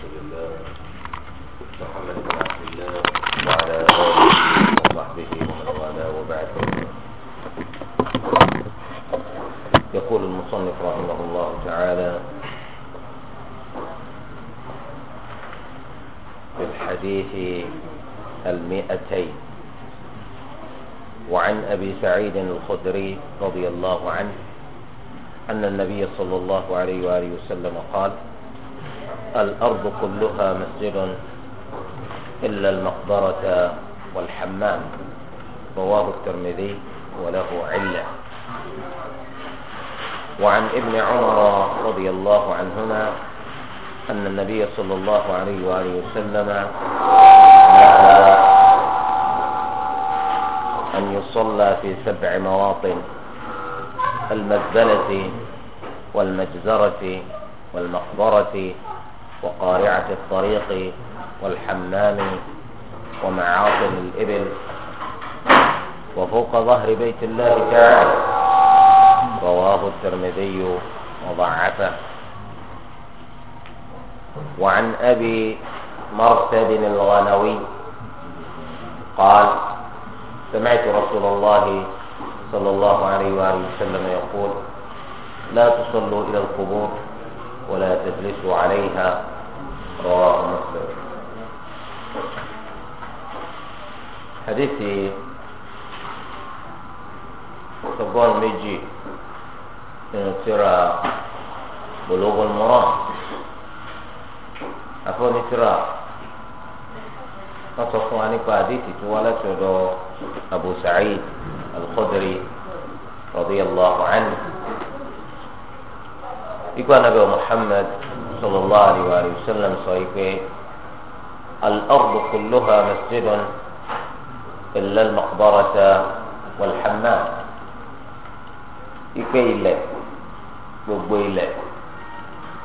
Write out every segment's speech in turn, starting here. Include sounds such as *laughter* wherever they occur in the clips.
بن عبد الله وعلى آله وصحبه ومن والاه يقول المصنف رحمه الله تعالى في الحديث وعن أبي سعيد الخدري رضي الله عنه أن النبي صلى الله عليه وآله وسلم قال الأرض كلها مسجد إلا المقبرة والحمام رواه الترمذي وله علة وعن ابن عمر رضي الله عنهما أن النبي صلى الله عليه وآله وسلم نهى أن يصلى في سبع مواطن المزبلة والمجزرة والمقبرة وقارعة الطريق والحمام ومعاطن الإبل وفوق ظهر بيت الله تعالى رواه الترمذي وضعفه وعن أبي مرثد الغنوي قال سمعت رسول الله صلى الله عليه وآله وسلم يقول لا تصلوا إلى القبور ولا تجلسوا عليها رواه مسلم حديثي تقول ميجي ترى بلوغ المرام أفون ترى وصفوا عن حديثي تولت أبو سعيد الخدري رضي الله عنه يقول النبي محمد صلى الله عليه وآله وسلم صحيح الأرض كلها مسجد إلا المقبرة والحمام ike ilẹ̀ gbogbo ilẹ̀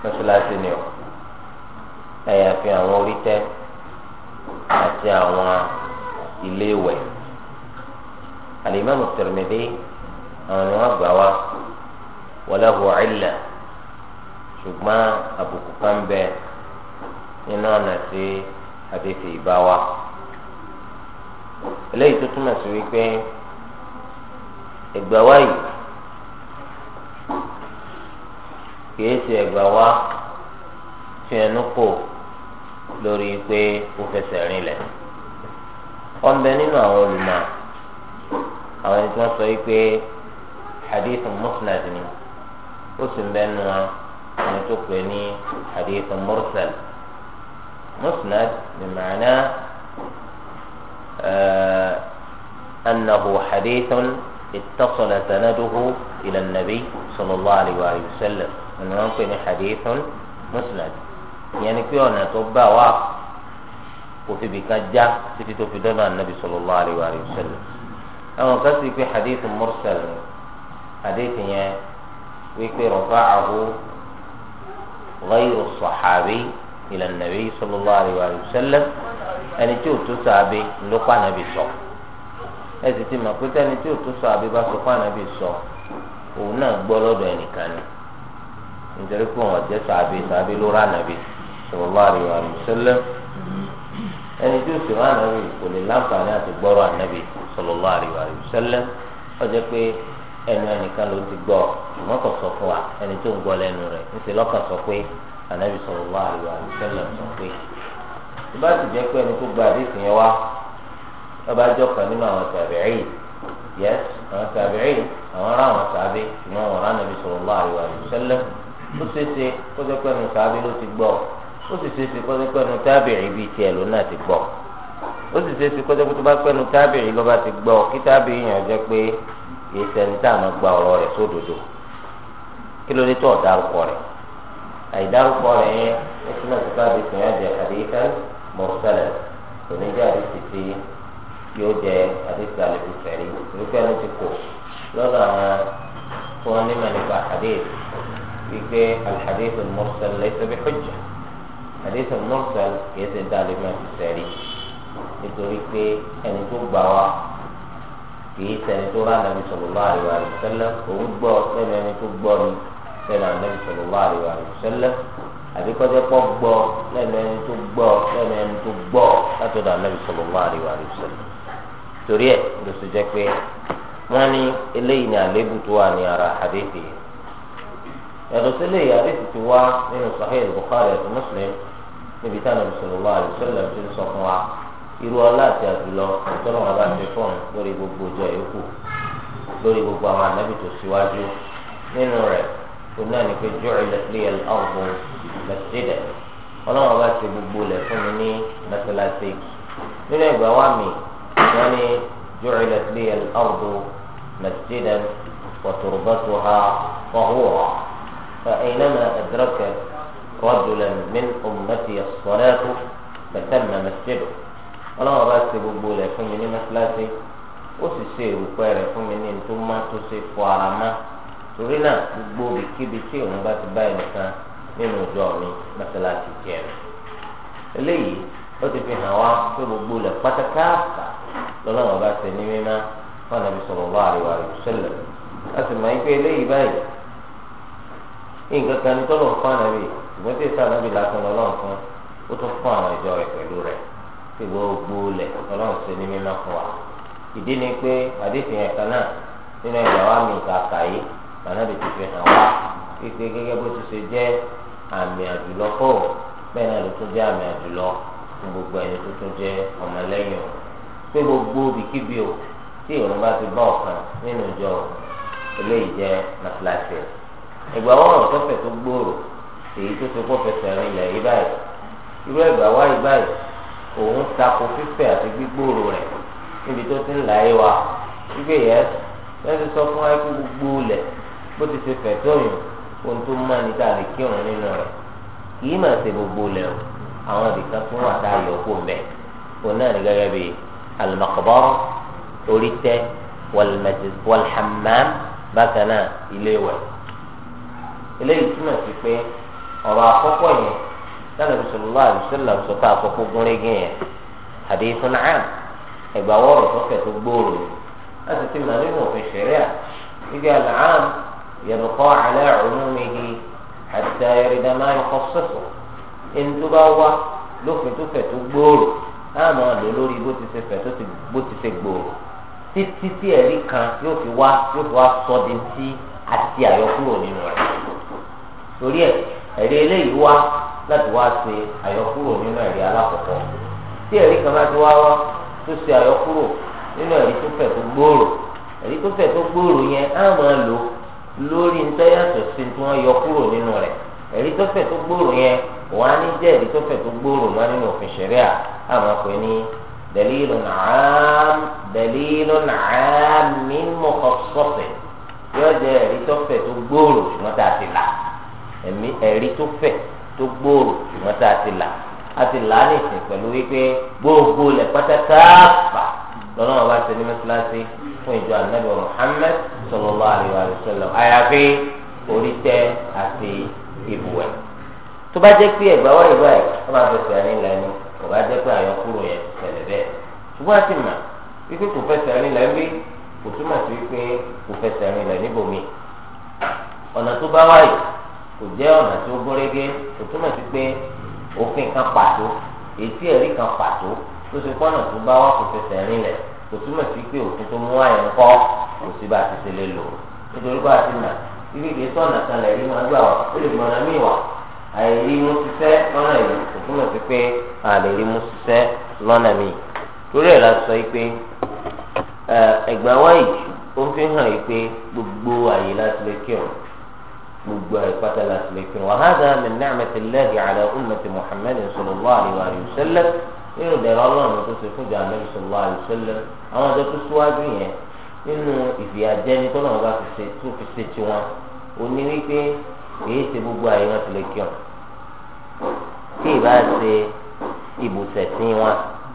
mọ́ṣáláṣí ni ọ àyàfi àwọn orí tẹ àti àwọn ilé ìwẹ̀ alimami Tirmidhi àwọn ni wọn gbà wá wọlé hu ilẹ̀. ṣùgbọ́n àbùkù kan bẹ nínú ọ̀nà tí àfẹ́fẹ́ ìbá wa eléyìí tó túmọ̀ sí wípé ẹgbẹ́ wa yìí kìí ṣe ẹgbẹ́ wa fi ẹnu kò lórí pé ó fẹsẹ̀ rinlẹ̀ wọ́n bẹ nínú àwọn olùmọ̀ àwọn ẹni tí wọ́n sọ wípé hadith musnad ni ó sì ń أن tó حديث مرسل مسند بمعنى آه، أنه حديث اتصل سنده إلى النبي صلى الله عليه وآله وسلم من ممكن حديث مسند يعني كي أنا تبا واق وفي بكجة في تفيدنا النبي صلى الله عليه وآله وسلم أما قصدي في حديث مرسل حديث يعني ويكي رفعه غير الصحابي إلى النبي صلى الله عليه وسلم ẹni tí ó tó sàbí ló pa ànábì sọ ẹ sì ti mọ̀ pé tẹni tí ó tó sàbí bá sọ pa ànábì sọ òun náà gbọ́ lọ́dọ̀ ẹnìkan ni nítorí pé wọn jẹ́ sàbí sàbí ló rà ànábì sallallahu alaihi wasallam ẹni tí ó sì rà ànábì kò lè láǹfààní àti gbọ́rọ̀ ànábì sallallahu alaihi wasallam ó jẹ́ pé ẹnu ẹnìkan ló ti gbọ́ ṣùgbọ́n kò sọ fún wa ẹni tó ń gbọ́ lẹ́nu rẹ̀ ń ṣe lọ́kàn sọ pé ànábì sọ̀rọ̀ wá àríwá àdìsẹ́lẹ̀ sọ pé tó bá ti jẹ́ pé ẹni tó gba yẹn wá ọba nínú àwọn yẹs àwọn àwọn ará àwọn kì í ṣẹni tá a máa gba ọ̀rọ̀ rẹ̀ sódodo kí ló dé tó ọ̀dárúkọ rẹ̀ àìdárúkọ rẹ̀ yẹn ó túmọ̀ sí káàdì tó yẹn jẹ àdéhìká mọ̀sálẹ̀ kò ní jẹ́ àdéhìí tí yóò jẹ àdéhìí àlejò sẹ̀rí irúfẹ́ ló ti kò lọ́dọ̀ àwọn tí wọ́n nímọ̀ nípa àdéhìí wípé àdéhìí mọ̀sálẹ̀ lẹ́sẹ̀ bí hujja àdéhìí mọ̀sálẹ̀ kì í ṣe dá àlejò sẹ̀rí nítorí pé ẹni tó gbà wá kì í ṣẹni tó rà nàbì àríwá alaihi sẹlẹ òun gbọ́ sẹni ẹni tó gbọ́ ni sẹ́nu ànàbì sallallahu àríwá wasallam sẹlẹ kọjá pọ gbọ́ sẹni ẹni tó gbọ́ sẹni ẹni tó gbọ́ láti látọ̀dọ̀ ànàbì àríwá alaihi sẹlẹ. torí ẹ ló sì jẹ pé wọn ní eléyìí ní àléébù tó wà ní ara àdéhì yàtọ̀ sílẹ̀ yìí àdéhì ti wá nínú Sahih Bukhari àti Muslim níbi táwọn sallallahu alaihi wasallam ti sọ irú ọlá àti àdúlọ tọ́nà wọn bá ṣe fún un lórí gbogbo ọjọ́ yòókù lórí gbogbo àwọn ànábì tó síwájú nínú rẹ̀ òun náà ní pé ju'ilat liya al-ardu masjidan ọlọ́wọ́n bá ṣe gbogbo rẹ̀ fún mi ní mẹ́tẹ́láṣí nínú ìgbà wa mi wọ́n ní ju'ilat liya al-ardu masjidan wa turbatuha tahura fa aynama adrakat rajulan min ọlọ́run bá ṣe gbogbo rẹ̀ fún mi ní mọ́sálásí ó sì ṣe èrùpẹ́ rẹ̀ fún mi ní tó má tó ṣe fọ ara má torí náà gbogbo ibikíbi tí òun bá ti bá ẹnìkan nínú ìjọ mi mọ́sálásí jẹ́ rẹ̀ eléyìí ó ti fi hàn wá pé gbogbo rẹ̀ pátákáàfà lọ́lọ́run bá ṣe ní mímá fún ànábi sallallahu alaihi wasallam a sì máa ń pé eléyìí báyìí nǹkan kan ní tọ́lọ̀ fún ànábi ìgbọ́n tí gbogbo lẹ̀ ọlọ́run ṣe ní mímọ́ fún wa ìdí ni pé àdéhùn ẹ̀ka náà nínú ẹ̀yà mi kàkà yìí ànábì ti fi hàn wá pípé gẹ́gẹ́ bó ti ṣe jẹ́ àmì àjùlọ fò bẹ́ẹ̀ náà ló tún jẹ́ gbogbo ẹni tó tún jẹ́ ọmọlẹ́yìn o pé gbogbo o tí bá ti bá ọ̀kan nínú ìjọ eléyìí jẹ́ ìgbà tó gbòòrò èyí òun tako fífẹ́ àti gbígbòòrò rẹ̀ níbi tó ti ń là yé wa wípé yẹ wọ́n ti sọ fún wa kí gbogbo lẹ̀ bó ti ṣe fẹ̀ tóyún ohun tó máa ní ká lè kírun nínú rẹ̀ kì í máa ṣe gbogbo lẹ̀ o àwọn ìdìkan tó wà tá a yọ kó mẹ́ òun náà ní gẹ́gẹ́ bíi alimakobọ́rọ́ orí tẹ́ bákan náà ilé wẹ̀ eléyìí túmọ̀ sí pé ọ̀rọ̀ àkọ́kọ́ yẹn sani bisalòlá àbísọlá sọta àkókò gúnrégé yẹn àdéhùn náà ẹgbà wọrọ sọfẹ tó gbòòrò láti ti màá nínú òfin ṣẹ̀ríà ibi àlàám yẹbùkọ àlẹ ọmọmìhì àti ayọrìdá máa ń kọ sọsọ ẹni tó bá wá lófin tó fẹ̀ tó gbòòrò náà máa lò lórí bó ti ṣe fẹ̀ tó bó ti ṣe gbòòrò títí tí ẹ̀rí kan yóò fi wá yóò fi wá sọ di ti àyọkúrò nínú rẹ̀ torí ẹ̀ ẹ̀rí eléyìí wá láti wá ṣe àyọkúrò nínú ẹ̀rí alákọ̀ọ́kọ́ tí ẹ̀rí kan bá ti wá wá tó ṣe àyọkúrò nínú ẹ̀rí tó fẹ̀ tó gbòòrò ẹ̀rí tó fẹ̀ tó gbòòrò yẹn á máa lò lórí ntẹ́yàtọ̀ sí tí wọ́n yọ kúrò nínú rẹ̀ ẹ̀rí tó fẹ̀ tó gbòòrò yẹn wọ́n á ní jẹ́ ẹ̀rí tó fẹ̀ tó gbòòrò mọ́ nínú òfin ṣẹ̀ríà á máa pè ní dalilu nàám dalilu nàám mi mọ̀ yọ jẹ́ ẹ̀rí tó fẹ̀ tó gbòòrò ṣùgbọ́n tá a ti là ẹ̀rí tó fẹ̀ tó gbòòrò ṣùgbọ́n tá a ti là a ti là á lè sìn pẹ̀lú wípé gbogbo lẹ̀ pátákáàfà lọ́nà wọn bá ṣe ní mẹ́tíláṣí fún ìjọ anabi Muhammad sallallahu alaihi wa sallam àyàfi orí tẹ àti ìbùwẹ̀ tó bá jẹ́ pé ẹ̀gbá wáyé báyìí wọ́n máa fẹsẹ̀ ní lẹ́nu kò bá jẹ́ pé àyọkúrò yẹn tẹ̀lé bẹ́ẹ̀ ṣùgbọ́n a ti mà wípé kò fẹsẹ̀ ní lẹ́nu bí kò túmọ̀ sí wípé kò fẹsẹ̀ ní lẹ́nu níbòmí ọ̀nà tó bá wáyé kò jẹ́ ọ̀nà tí ó gbórégé kò túmọ̀ sí pé òfin kan pàtó ètí ẹ̀rí kan pàtó tó ṣe pọ́nà tó bá wà kò fẹsẹ̀ rìn kò túmọ̀ sí pé òfin tó mú àyàn kọ́ kò sí bá a ti ṣe lè lò nítorí bá a ti nà ibi ìgbé sọ̀nà kan lẹ̀ rí máa gbà wá ó lè mọ̀nà míì wá àìrí ṣiṣẹ́ lọ́nà yìí kò túmọ̀ sí pé gbogbo àyè láti lè gbogbo àìpátá láti lè kírun wàhádà min ni'matillahi ala ummati muhammed sallallahu alayhi wa sallam nínú ìdẹ̀rọ ọlọ́run tó ṣe fún jàǹdà sallallahu alayhi wa sallam àwọn ọjọ́ tó síwájú yẹn nínú ìfìyàjẹni tó náà bá fi ṣe tó fi ṣe tiwọn òní wípé èyí ṣe gbogbo àyè wọn ti lè kírun tí ì bá ṣe ibùsẹ̀ sí wọn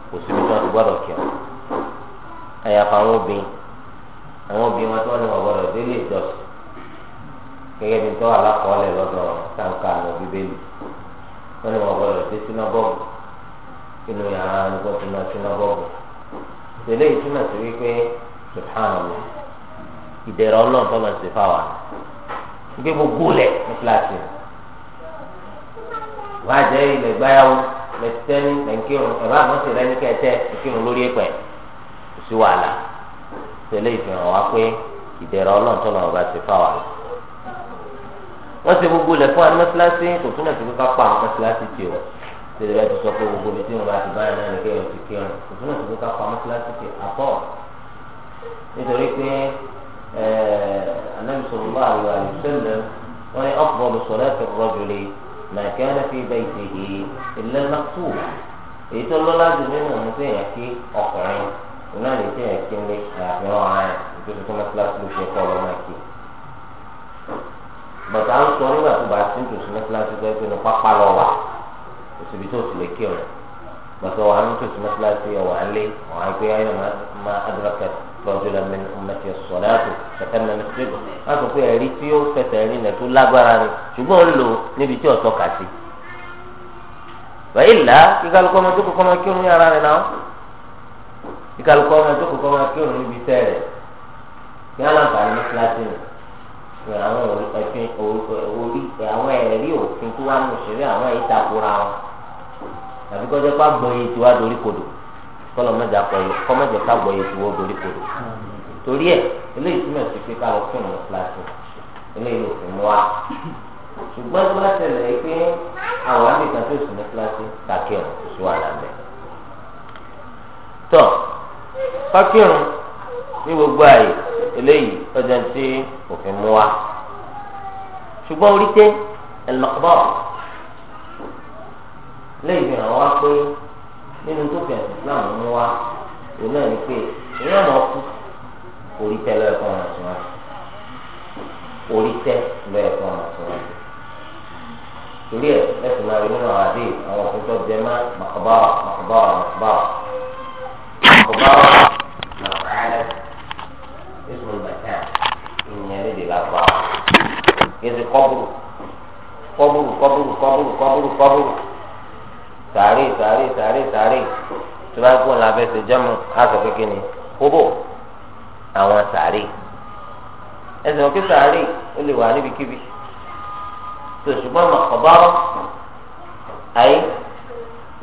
kò síbi tí wọn ti gẹ́gẹ́ bí tọ́wọ́ alákọ̀ọ́lẹ̀ lọ́dọ̀ sáǹkà lọ bíbélì wọ́n ní wọ́n gbọ́dọ̀ sí sínágọ́gù inú yàrá nígbà tó náà sínágọ́gù tẹ̀lé ìtumọ̀ sí wípé subhanallah ìdẹ̀rẹ̀ ọlọ́run tó máa ń ṣe fáwa wípé gbogbo lẹ̀ ní kíláàsì wọ́n á jẹ́ ilẹ̀ gbáyàwó lẹ́tẹ́ni lẹ́ńkírun ẹ̀rọ àmọ́sí rẹ ní kẹ́tẹ́ ìkírun lórí ẹ̀pẹ̀ kò sí wàhálà tẹ̀lé ìfihàn wá pé ìdẹ̀rẹ̀ ọlọ́run tó máa ń ṣe fáwa wọ́n ṣe gbogbo lẹ̀ fún anamọ́síláṣí kò túnbọ̀ sí kíkọ́ pa àwọn mọ́síláṣí tì wọ́n tẹ̀lé bá ti sọ pé gbogbo ibi tí wọ́n bá ti báyìí náà ní kéèyàn ti kéèyàn kò túnbọ̀ sí kíkọ́ pa mọ́síláṣí tì àpọ̀ nítorí pé anabi sọlọ́lá àlùwà àlùsẹ́lẹ̀ wọ́n ní ọ̀pọ̀ lùsọ̀rọ̀ ẹ̀fẹ̀ rọ́jòlè nàìjíríà bàtà ń sọ nígbà tó bá ti ń tòṣì mọ́sálásí tó yẹ pé ní pápá lọ wà òsibí tó sì lè kí ọ̀rẹ́ bàtà wà ń tòṣì mọ́sálásí ọ̀wà ńlé ọ̀hán gbé ayọ̀ máa adúlọ́kẹ́ lọ́jọ́ lẹ́mí ọmọdé sọ̀rọ̀ àti kẹ̀kẹ́ mẹ́rin sílẹ̀ wọ́n sọ pé ẹ̀rí tí ó fẹsẹ̀ rí nà tó lágbára ni ṣùgbọ́n ó lò níbi tí ọ̀tọ́ kà sí. bàyìí là kíkálukọ́ ọmọ tó kọ́kọ́ máa kírun yàrá rẹ̀ náà kíkálukọ́ ọmọ tó kọ́kọ́ máa kírun níbi tẹ́ rẹ̀ kí á láǹfààní ní kíláàsì rẹ̀ ní àwọn òfin orí àwọn ẹ̀rí òfin tó wà nù sílẹ̀ àwọn ẹ̀yí takora wọn tàbí kọjá pa gbọ́ iye tiwa dorí kodò kọlọ mẹjọ akọ yìí kọ mẹjọ ká gbọ́ iye tiwa dorí kodò torí ẹ eléyìí túmọ̀ sí pé ká lọ fún ìmọ̀ kíláàsì eléyìí ló fún wa ṣùgbọ́n tó bá ṣẹlẹ̀ yìí pé àwọn abìkan tó sùn ní kíláàsì kàkíọ̀ kò sí wàhálà bẹ́ẹ̀. tọ́ kàkíọ̀ ní gbogbo àyè eléyìí lọ́jọ́ tí òfin mú wa ṣùgbọ́n orí tẹ ẹlọ́kọ́bọ̀ lẹ́yìn fi hàn wá pé nínú tó fi ẹ̀sìn Islam mú wa òun náà ní pé ìyá ọmọ kú orí tẹ lọ́yẹ̀ fún ọmọ tí wọ́n orí tẹ lọ́yẹ̀ fún tí wọ́n torí ẹ̀ lẹ́sìn máa rí nínú àwọn àdé àwọn ọkùnrin jẹ má màkàbáwà màkàbáwà màkàbáwà màkàbáwà. yéésì kọ́bùrù kọ́bùrù kọ́bùrù kọ́bùrù kọ́bùrù kọ́bùrù sàárè sàárè sàárè sàárè tó bá gbọ́n la fẹ́ ṣe jẹ́mu aṣọ kékeré ni kóbò àwọn sàárè ẹsẹ̀ òkè sàárè ó lè wà níbikíbi tó ṣùgbọ́n màkàbárọ̀ ayé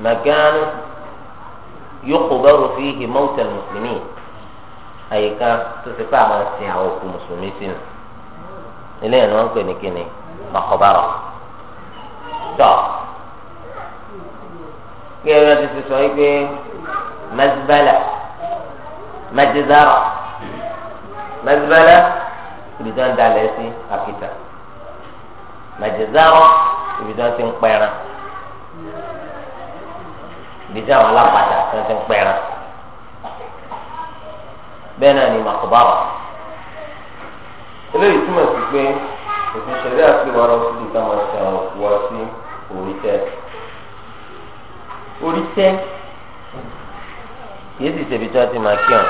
màgánú yuqbaru fihi mawtal muslimin àyíká tó ti pa àwọn sin àwọn òkú mùsùlùmí sínú. eléyìí ni wọ́n ń pè ní kíni makobara tọ́ kí ẹ̀rọ ti ti sọ yìí pé mazibala majizara mazibala ibi tí wọ́n dalẹ̀ sí akita majizara ibi tí wọ́n ti ń pẹ́ran ibi tí àwọn alápàdà tí wọ́n ti ń pẹ́ran bẹ́ẹ̀ náà ni makobara eléyìí túmọ̀ sí pé òfin ṣẹlẹ̀ àti wàá lọ sí ìta máa ṣe àwọn òkú wa sí orí tẹ orí tẹ kìí sì ṣèbí tí wọ́n ti máa kírun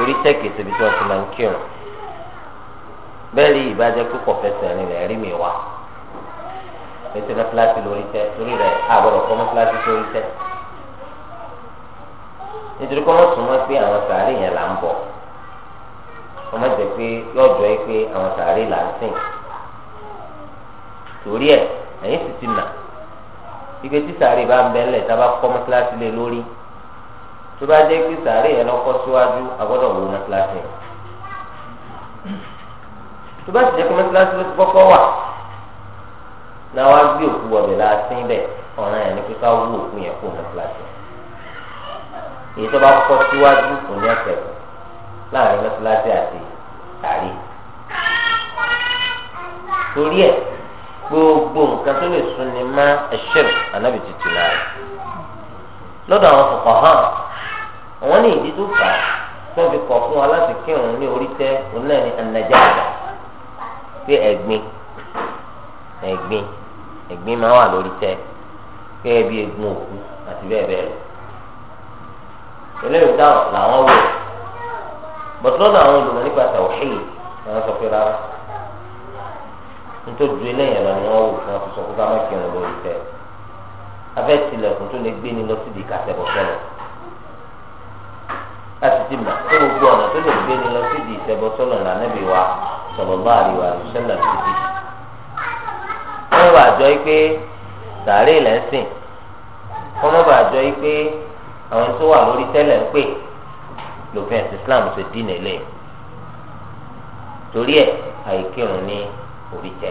orí tẹ kìí ṣèbí tí wọ́n ti máa kírun bẹ́ẹ̀ ni ìbàjẹ́ púpọ̀ fẹsẹ̀ rìn rẹ̀ rí mi wá fẹsẹ̀ náà kíláàsì lórí tẹ lórí rẹ̀ àbọ̀rọ̀ kọ́mọ́ kíláàsì lórí tẹ nítorí kọ́mọ́ sùn mọ́ pé àwọn sàárè yẹn là ń bọ̀ wọn má jẹ pé yóò jọ yìí pé àwọn sàárè là ń sìn torí ẹ ẹ̀yin sì ti nà ibi tí sàárè bá ń bẹ ńlẹ̀ tá a bá kọ́ mọ́tíláṣí lé lórí tó bá jẹ́ pé sàárè yẹn lọ́kọ́ síwájú a gbọ́dọ̀ wo mọ́tíláṣí yẹn tó bá sì jẹ́ pé mọ́tíláṣí ló ti kọ́kọ́ wà náà wá gbé òkú ọ̀bẹ la sín bẹ̀ ọ̀ràn yẹn ni pé ká wú òkú yẹn kó mọ́tíláṣí yẹn èyí tó bá kọ́ síwájú kò ní ẹ̀sẹ̀ kù láàrin mọ́sálásí àti tàrí. torí ẹ̀ gbogbo nǹkan tó lè sún ni má ẹ̀ṣẹ̀ ànábì títí náà lọ́dọ̀ àwọn kọ̀ọ̀kan hàn àwọn ní ìdí tó fà á tó fi kọ̀ fún wa láti kírun ní orí tẹ́ òun náà ní ànàjà àgbà pé ẹ̀gbin ẹ̀gbin ẹ̀gbin máa wà lórí tẹ́ gẹ́gẹ́ bí egun òkú àti bẹ́ẹ̀ bẹ́ẹ̀ lọ eléyìí dáhùn làwọn wò bọ̀tún náà àwọn olùmọ̀ nípa tàwọ̀hìn àwọn sọ pé rárá nítorí ju eléyìí lọ ni wọ́n wò fún wọn sọ pé ká má kírun lórí tẹ abẹ́ tilẹ̀kùn tó lè gbé ni lọ síbi ìkàtẹ̀bọ̀ sọ̀rọ̀ láti ti mọ̀ pé gbogbo ọ̀nà tó lè gbé ni lọ síbi ìṣẹ̀bọ̀ sọ̀rọ̀ lànàbí wa sọ̀rọ̀ bá àríwá sẹ́lẹ̀ síbi. wọ́n bá jọ pé sàárè lẹ́sìn wọ́n bá jọ pé àwọn tó wà lórí tẹ́lẹ̀ ń lófin ẹ̀sìn islam ṣe dín nílé torí ẹ̀ àìkírun ní oríjẹ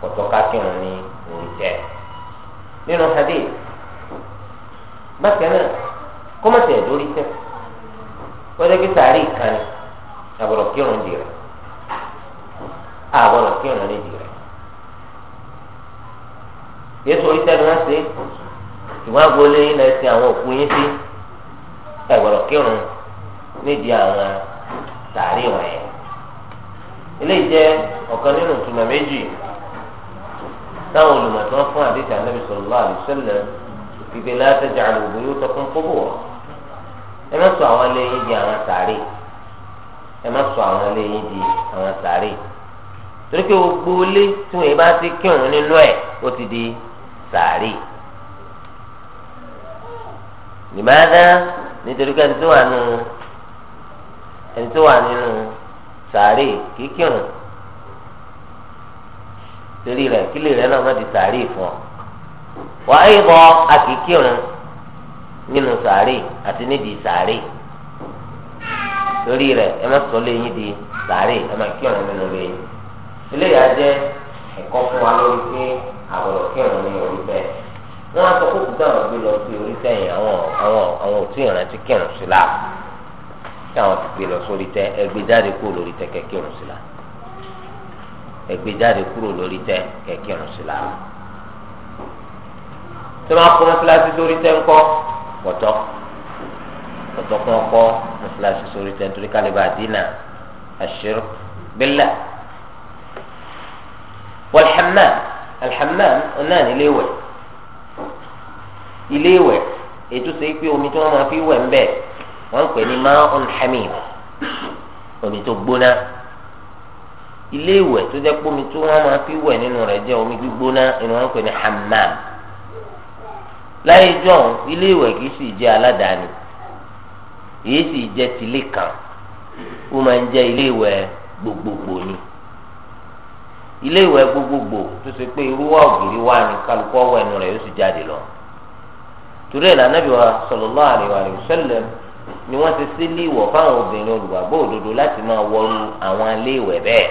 kọ̀tọ́kákírun ní oríjẹ nínú hadith bákan náà kọ́mọ̀tì ẹ̀dórí tẹ́ wọ́n dẹ́gbẹ́ sàárì kan àbọ̀rọ̀ kírun dì rẹ̀ àbọ̀rọ̀ kírun ní dì rẹ̀ yẹ́sọ̀ orí tẹ́ ni wọ́n ṣe ṣùgbọ́n agboolé yín lẹ́sìn àwọn òkú yín sí ẹ gbọ́dọ̀ kírun nídìí àwọn tààrí wọ̀nyẹn eléyìí jẹ́ ọ̀kan nínú ìtumọ̀ méjì táwọn olùmọ̀ tí wọ́n fún àdéhùn ànábì sallallahu alaihi wasallam gbígbé la taj'alu buyutakum qubura ẹ má sọ àwọn eléyìí di àwọn sàárè ẹ má sọ àwọn eléyìí di àwọn sàárè torí pé gbogbo ilé tí wọ́n bá ti kírun nínú ẹ̀ ó ti di sàárè. limadha nítorí pé ẹni tó wà nínú ẹni tó wà nínú sàárè kíkìrùn torí rẹ̀ kílè rẹ̀ náà má di sàárè fún ọ wà á yìí bọ akíkìrùn nínú sàárè àti nídìí sàárè torí rẹ̀ ẹ má sọ lẹ́yìn di sàárè ẹ má kírun nínú lẹ́yìn eléyàá jẹ ẹ̀kọ́ fún wa lórí pé àbọ̀rọ̀ kírun ní orí bẹ́ẹ̀ wọn á sọ pé kúta àwọn gbé lọ sí orí sẹ́yìn àwọn àwọn àwọn òtún ìrántí kírun sí la kí àwọn ti gbé lọ sórí tẹ ẹgbẹ́ jáde kúrò lórí tẹ kẹkírun sí la ẹgbẹ́ jáde kúrò lórí tẹ kẹkírun sí la tí wọn kọ mọ́sálásí sórí tẹ ńkọ pọtọ pọtọ kún ọkọ mọ́sálásí sórí tẹ nítorí kálíbà dínà àṣírí bílẹ wàlhámà alhámà ọ̀nà nílé wẹ̀. ilé ìwẹ̀ ètò ṣe pé omi tí wọ́n máa fi wẹ̀ ń bẹ̀ wọ́n ń pè ní omi tó gbóná ilé ìwẹ̀ tó jẹ́ pé fi wẹ̀ nínú rẹ̀ jẹ́ omi gbígbóná inú wọn pè ní hammam láyé jọ̀hún ilé ìwẹ̀ kì í sì jẹ́ aládàáni èyí sì jẹ́ tilé kan ó máa ń jẹ́ ilé ìwẹ̀ gbogbogbò ni ilé ìwẹ̀ gbogbogbò tó ṣe pé irú wa ògiri kálukọ́ wẹ̀ rẹ̀ yóò sì jáde lọ. torí ẹ̀ lànàbí wa sallallahu alaihi ni wọ́n ti sí ilé ìwọ̀ fáwọn obìnrin olùgbàgbọ́ òdodo láti máa wọlú àwọn ilé ìwẹ̀ bẹ́ẹ̀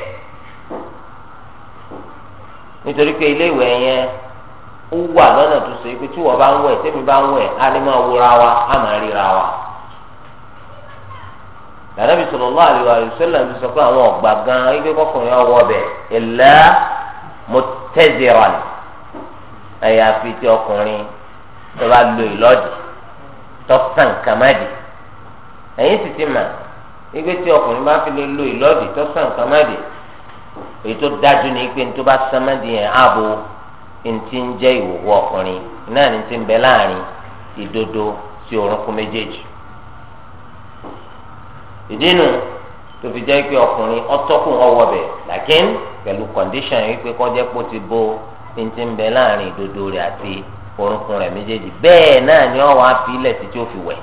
nítorí pé ilé ìwẹ̀ yẹn ó wà lọ́nà tó so pé tí wọ́n bá ń wẹ̀ tẹ́mi bá ń wẹ̀ á lè máa wúra wa á máa tó bá lo ìlọ́dì e tọ́sán kàmáàdì ẹ̀yìn sì ti mà wípé tí ọkùnrin bá fi lè lo ìlọ́dì tọ́sán kàmáàdì èyí tó dájú ni pé ní tó bá sàmádì yẹn ààbò ntí ń jẹ́ ìwòwò ọkùnrin náà ní ti ń bẹ láàrin ìdodo sí orúnkún méjèèjì ìdínú tó fi jẹ́ pé ọkùnrin ọtọ́kùn ọwọ́ bẹ̀ làkín pẹ̀lú kọ̀ǹdíṣàn yìí pé kọ́jẹ́ pé ó ti bo ntí ń bẹ láàrin ìdodo rẹ̀ àti orunkun rẹ̀ méjèèjì bẹ́ẹ̀ náà ni ọwọ́ àfilẹ̀ títí ó fi wẹ̀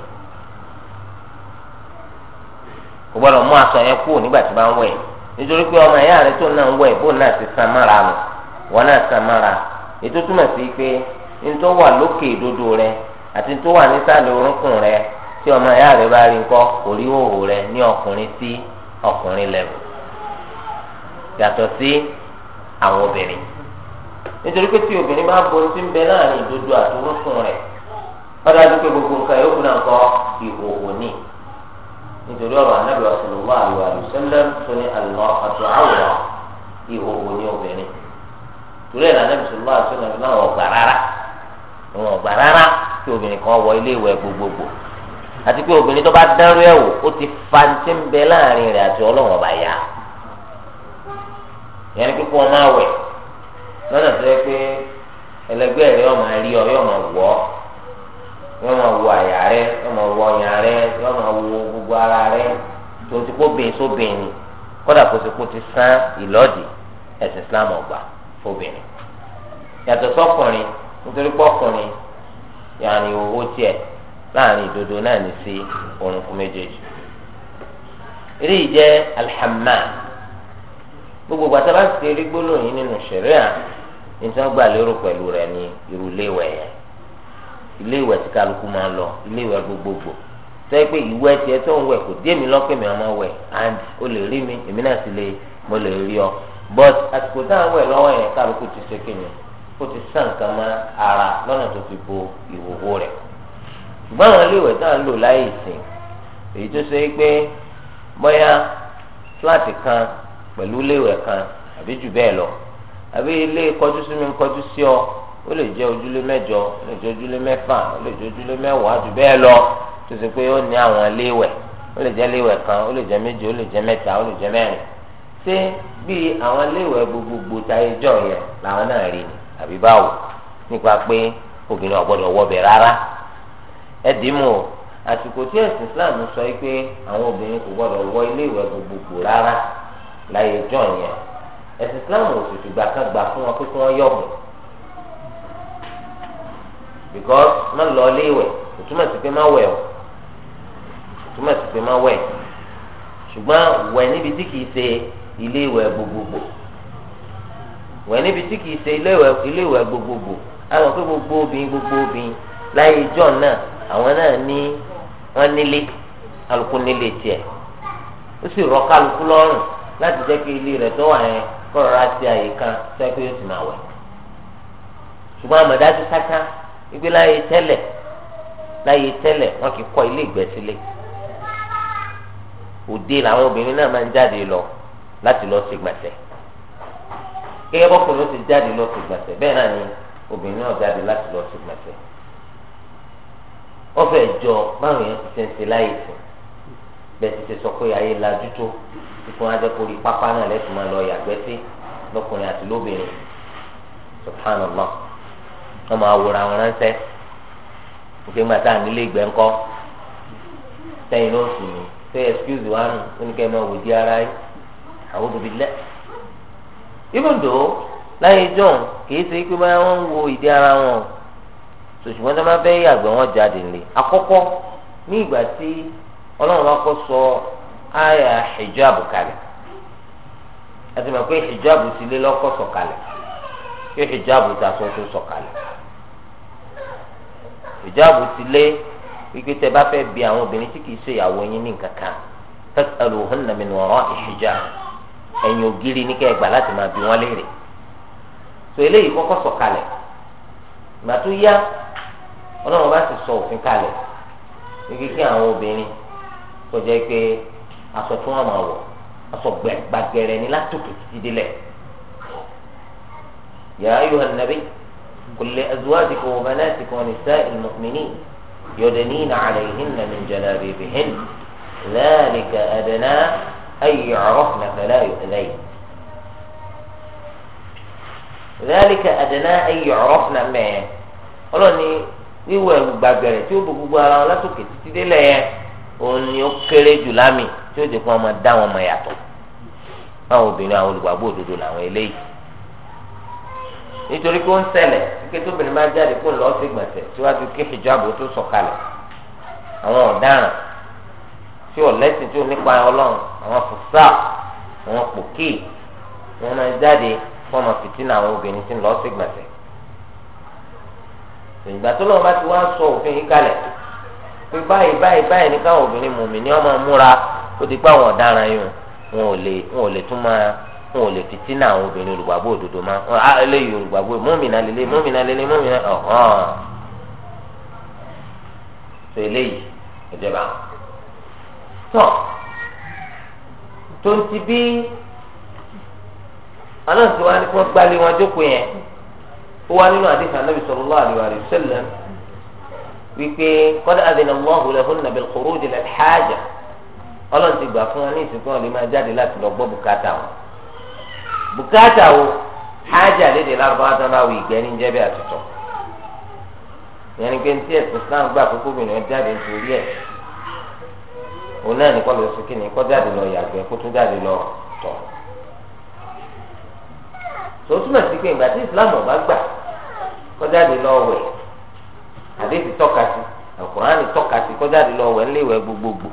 kò gbọ́dọ̀ mú aṣọ yẹn kúrò nígbà tí bá ń wẹ̀ nítorí pé ọmọ ẹ̀yà rẹ̀ tó náà ń wẹ̀ bó náà ti san mára nù wọ́n náà san mára ètò túmọ̀ sí pé nítorí wà lókè ìdodo rẹ̀ àti nítorí wà nísàlẹ̀ orunkun rẹ̀ tí ọmọ ẹ̀yà rẹ̀ bá rí nǹkan kò rí òhò ní ọkùnrin nítorí pé tí obìnrin bá bo ti ń bẹ láàrin ìdodo àtúrúsùn rẹ̀ ọdọ àdúgbò gbogbo nǹkan yóò kúnà kọ ìhòòhò ní nítorí ọ̀rọ̀ anábì ọsùnlùmọ àríwá àlùsẹlẹ tó ní àlọ àtọ àwòrán ìhòòhò ní obìnrin torí ẹ lànà ìṣòlùmọ àlùsẹlẹ náà ọgbà rárá wọn ọgbà rárá tí obìnrin kan wọ ilé ìwẹ̀ gbogbogbò àti pé obìnrin tó bá dárú ẹ wò ó ti fa ti ń bẹ láàrin rẹ̀ àti Ọlọ́run ọba yá ìyẹn ni kíkọ ọmọ lọ́nà tó yẹ pé ẹlẹgbẹ́ rẹ yọ máa rí ọ yọ máa wọ̀ ọ́ yọ máa wọ àyà rẹ yọ máa wọ ọyàn rẹ yọ máa wọ gbogbo ara rẹ tó ti kó bìn ni kó ti kó ti sán ẹ̀sìn Islam ọgbà fóbìnrin yàtọ̀ sọ́kùnrin nítorí pọ́kùnrin yàrá owó tiẹ̀ láàrin ìdodo náà ní sí méjèèjì nítorí wọn gbà lérò pẹ̀lú rẹ ní irú iléèwẹ̀ yẹn iléèwẹ̀ tí kálukú máa ń lọ iléèwẹ̀ gbogbogbò sọ pé ìwẹ̀ tiẹ̀ tó ń wẹ̀ kò dé mi lọ́pẹ̀ mi and o lè rí mi èmi náà sì lè mo lè rí ọ but àsìkò tá à ń wẹ̀ lọ́wọ́ yẹn kálukú ti ṣe kéèyàn ó ti sàn nǹkan mọ́ ara lọ́nà tó fi bo ìhòhò rẹ̀ ṣùgbọ́n àwọn iléèwẹ̀ tá à ń lò láyé ìsìn kan pẹ̀lú kan àbí jù lọ àbí ilé kọjú sí mi ń kọjú sí ọ ó lè jẹ ojúlé mẹ́jọ ó lè jẹ ojúlé mẹ́fà ó lè jẹ ojúlé mẹ́wàá jù bẹ́ẹ̀ lọ tó ṣe pé ó ní àwọn léwẹ̀ ó lè jẹ léwẹ̀ kan ó lè jẹ méje ó lè jẹ mẹ́ta ó lè jẹ mẹ́rin ṣé bí àwọn léwẹ̀ gbogbogbò táyé jọ yẹn làwọn náà rí ni àbí báwo nípa pé obìnrin ọ̀gbọ́dọ̀ wọbẹ̀ rárá ẹ dìímù o àsìkò tí ẹ̀sìn Islam sọ pé àwọn obìnrin kò gbọ́dọ̀ wọ ilé gbogbogbò rárá láyé jọ yẹn ẹ̀sìn islam ò sì fìgbà kan gbà fún wọn pé kí wọ́n yọ̀bùn because má lọ ilé ìwẹ̀ kò túmọ̀ sí pé má wẹ̀ o kò túmọ̀ sí pé má wẹ̀ ṣùgbọ́n wẹ̀ níbi tí kìí ṣe ilé ìwẹ̀ gbogbogbò wẹ̀ níbi tí kìí ṣe ilé ìwẹ̀ gbogbogbò àwọn pé gbogbo obìnrin gbogbo obìnrin láyé ìjọ náà àwọn náà ní wọn nílé alùpùpù nílé tiẹ̀ ó sì rọ kálukú lọ́rùn láti jẹ́ kí ilé rẹ̀ tó wà yẹn kọ́rọ̀ ati sí àyè kan sẹ́kù yóò ti máa wẹ̀. ṣùgbọ́n àmọ̀dájú sáká ìgbé láyé tẹ́lẹ̀ láyé tẹ́lẹ̀ wọ́n kì í kọ́ ilé ìgbẹ́ òde làwọn obìnrin náà lọ láti lọ si gẹ́gẹ́ bọ́kùnrin ti jáde lọ si bẹ́ẹ̀ náà ni obìnrin náà jáde láti lọ si wọ́n fẹ́ báwọn ti bẹ́ẹ̀ ti sọ pé ayé lajú tó ikú wọn jẹ́ kórìí pápá náà lẹ́sùn máa lọ yàgbẹ́ sí lọ́kùnrin àti lóbìnrin subhanallah wọn máa wòra wọn ránṣẹ́ nígbà gbà tá à nílé ìgbẹ́ ńkọ́ sẹ́yìn ló sùn mí ṣé excuse wa nù ó ní kẹ́ ẹ máa wò di ara yìí àwọn òbí lẹ́ even though láyé john kìí ṣe pé báyà wọn ń wo ìdí ara wọn ṣùgbọ́n tí wọ́n bá fẹ́ yàgbẹ́ wọn jáde nílé àkọ́kọ́ ní ìgbà tí. ọlọ́run bá kọ́ sọ àyà hijab kalẹ̀ àti mọ̀ pé hijab ti lé lọ́kọ́ pé hijab ta sọ tó sọ̀kalẹ̀ hijab ti lé wípé tẹ bá fẹ́ bi àwọn obìnrin tí kìí ṣe ìyàwó yín ní nǹkan kan fas'aluhunna min wara'i hijab ẹ̀yìn ògiri ní kẹ́ ẹ gbà láti máa bi wọ́n léèrè tó eléyìí kọ́kọ́ sọ̀kalẹ̀ ìgbà tó yá ọlọ́run bá sọ òfin kalẹ̀ wípé kí àwọn kọjá pé aṣọ tí wọ́n máa wọ̀ aṣọ gbàgẹrẹ ni látòkè títí délẹ̀ ya ayyuhan nabi qul li azwajikum wa banatikum wa nisa'il mu'minin yudnina 'alayhinna min jalabibihin dhalika adna an yu'rafna fala yu'layn dhalika adna an yu'rafna mẹ́ẹ̀ ọlọ́ni wíwọ ẹ̀rù gbàgẹrẹ tí ó bu gbogbo ara wọn látòkè títí délẹ̀ yẹn. òun ni ó kéré jù lámì tí ó jẹ kó wọn dá wọn mọ yàtọ̀ báwọn obìnrin àwọn olùgbàgbọ́ òdodo làwọn eléyìí nítorí pé ó ń ṣẹlẹ̀ pé tóbìnrin bá jáde kó lọ sí gbọ̀nsẹ̀ síwájú kí hijabu tó sọ̀kalẹ̀ àwọn ọ̀daràn tí ọ̀lẹ́sìn tó nípa ọlọ́run àwọn fòsà àwọn pòkì wọn máa jáde fọmọ fìtínà àwọn obìnrin tí ń lọ sí gbọ̀nsẹ̀ ìgbà tó lọ́wọ́ bá ti wá sọ òfin yìí pé báyìí báyìí báyìí ní káwọn obìnrin mùmí ni máa múra ó ti pé àwọn ọ̀daràn yìí wọn ò lè wọn ò lè tún máa wọn ò lè fìtínà àwọn obìnrin olùgbàgbọ́ òdodo máa wọn á ah, eléyìí olùgbàgbọ́ mùmínà lélẹ̀ mùmínà lélẹ̀ mùmínà ọ̀hán tó eléyìí ìjọba tó tó ti bí aláǹtí wa ni wọ́n gbálé wọn jókòó yẹn ó nínú àdéhùn anábì wípé mọ́hùn lẹ́hùn nàbẹ̀ kúrú ìdílé ọlọ́run ti gbà fún wa ní ìsìnkú wọn lè máa jáde láti lọ gbọ́ wọn wo àdéhùn tọ́ka sí tọ́ka kọjá wẹ̀ ń léwẹ̀ gbogbogbò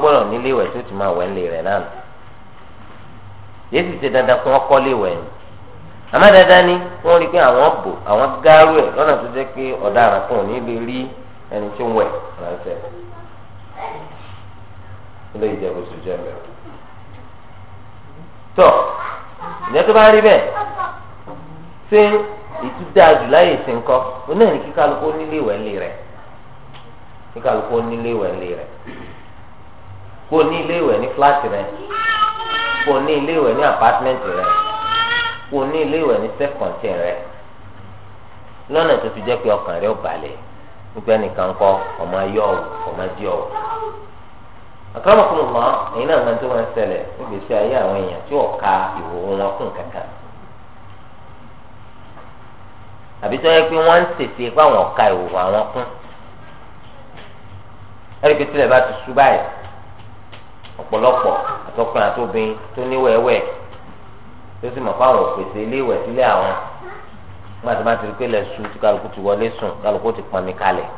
gbọ́dọ̀ ní léwẹ̀ tó ti máa wẹ̀ ń lè rẹ̀ náà yéésì dandan léwẹ̀ àmọ́ dandan ni wọ́n rí i pé àwọn bò àwọn gáárù ẹ̀ lọ́nà tó jẹ́ pé ọ̀daràn kan ò ní lè rí ẹni tó ń ètú dáa jù láyè sí nkọ oní ẹni kíkálukú nílé ìwẹ̀ ńlé rẹ̀ kíkálukú nílé ìwẹ̀ ńlé rẹ̀ kó ní ilé ìwẹ̀ ní fúláàtì rẹ̀ kó ní ilé ìwẹ̀ ní àpátímẹ́ǹtì rẹ̀ kó ní ilé ìwẹ̀ ní sẹ́kọ̀ǹtìn rẹ̀ lọ́nà tó ọkàn rẹ̀ ò balẹ̀ nígbà nìkan ọmọ ayọ́ ọmọ ọ̀wọ̀ àkàràmọ̀kùnrin mọ́ ẹ̀yin náà máa tó nígbèsí ayé àwọn èèyàn tí àbí tó yẹ pé wọ́n ń tètè fáwọn ọ̀ka ìwòwò àwọn kún ẹ̀rí pé tílẹ̀ bá ti sú báyìí ọ̀pọ̀lọpọ̀ àtọkùnrin àtobìnrin tó ní wẹ́wẹ́ tó sì mọ̀ fáwọn òpèsè iléèwẹ̀ sílé àwọn nígbà tó bá ti rí pé lẹ̀ sú tí kálukú ti wọlé sùn kálukú ti pọnmi kalẹ̀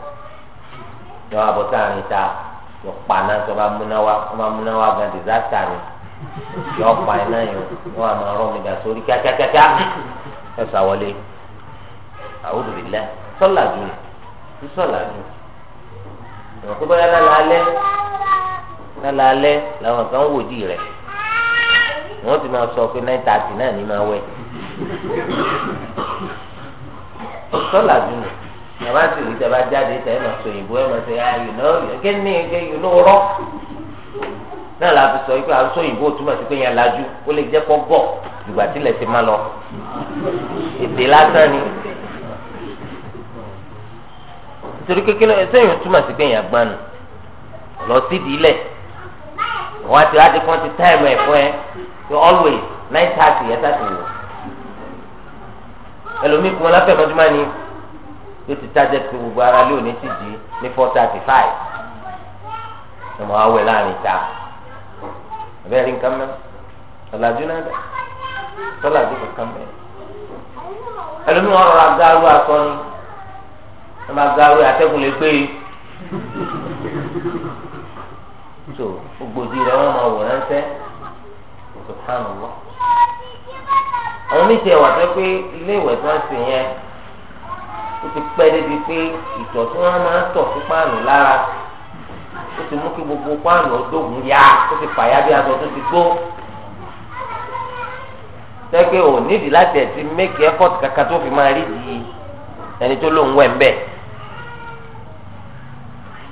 yọ abọ́ sáàrin ta yọ paná tó bá múná wá tó bá múná wá gan dìzásítà ni yọ pa iná yìí wọ́n àmọ́ ọ̀rọ̀ mi dà sórí kíákíákíá ẹ̀ sàwọlé a'udhu billah sọ́là dùn sí sọ́là dùn ìwọ̀n pé bóyá lálẹ́ alẹ́ lálẹ́ alẹ́ làwọn kan wò di rẹ̀ wọ́n ti máa sọ pé nine thirty náà ní máa wẹ̀ sọ́là dùn yàrá sì rí tẹ́ bá jáde tẹ́ ẹ máa sọ òyìnbó ẹ máa sọ yà yìí náà yìí kí ni kí yìí ló rọ́ náà la fi sọ yìí pé àwọn sọ òyìnbó túmọ̀ sí pé yẹn lajú ó lè jẹ́ pọ́ gọ̀ ìgbà tí ilẹ̀ ti máa lọ èdè lásán ni nítorí kékeré ẹsẹ yìí túmọ̀ sí pé èèyàn gbanu lọ sídìí lẹ̀ wọ́n á ti láti kàn ti táìmù ẹ̀ fún ẹ pé always nine thirty ẹ̀ thirty wò ẹlòmíì kún wọn láfẹ̀ mọ́júmọ́ ni yóò ti tájẹ́ pé gbogbo ara lé òní ti di ní four thirty five ẹ̀ mọ̀ awẹ́ láàrin ta abẹ́rẹ́ nǹkan mọ́ ọ̀làjú náà dá tọ́lá àdúgbò kan mọ́ ẹlòmíì wọn rọra gáárù asọ ni wọn bá gawé atẹ́gùn lè gbé e so ògbòdì rẹ wọn máa wò ránṣẹ́ sọfánù wọ. àwọn oníṣẹ́ ẹ̀wà tó pé ilé ìwẹ̀ tí wọ́n sì yẹn ó ti pẹ́ débi pé ìtọ̀ tí wọ́n máa ń tọ̀ sí páànù lára ó ti mú kí gbogbo páànù ọdóògùn yá ó ti fàyà bí aṣọ tó ti gbó tẹ́gbẹ́ ò nídìí láti ẹ̀ ti mékì ẹ́fọ́t kàkà tó fi máa rí di ẹni tó lóun wẹ̀ ń bẹ̀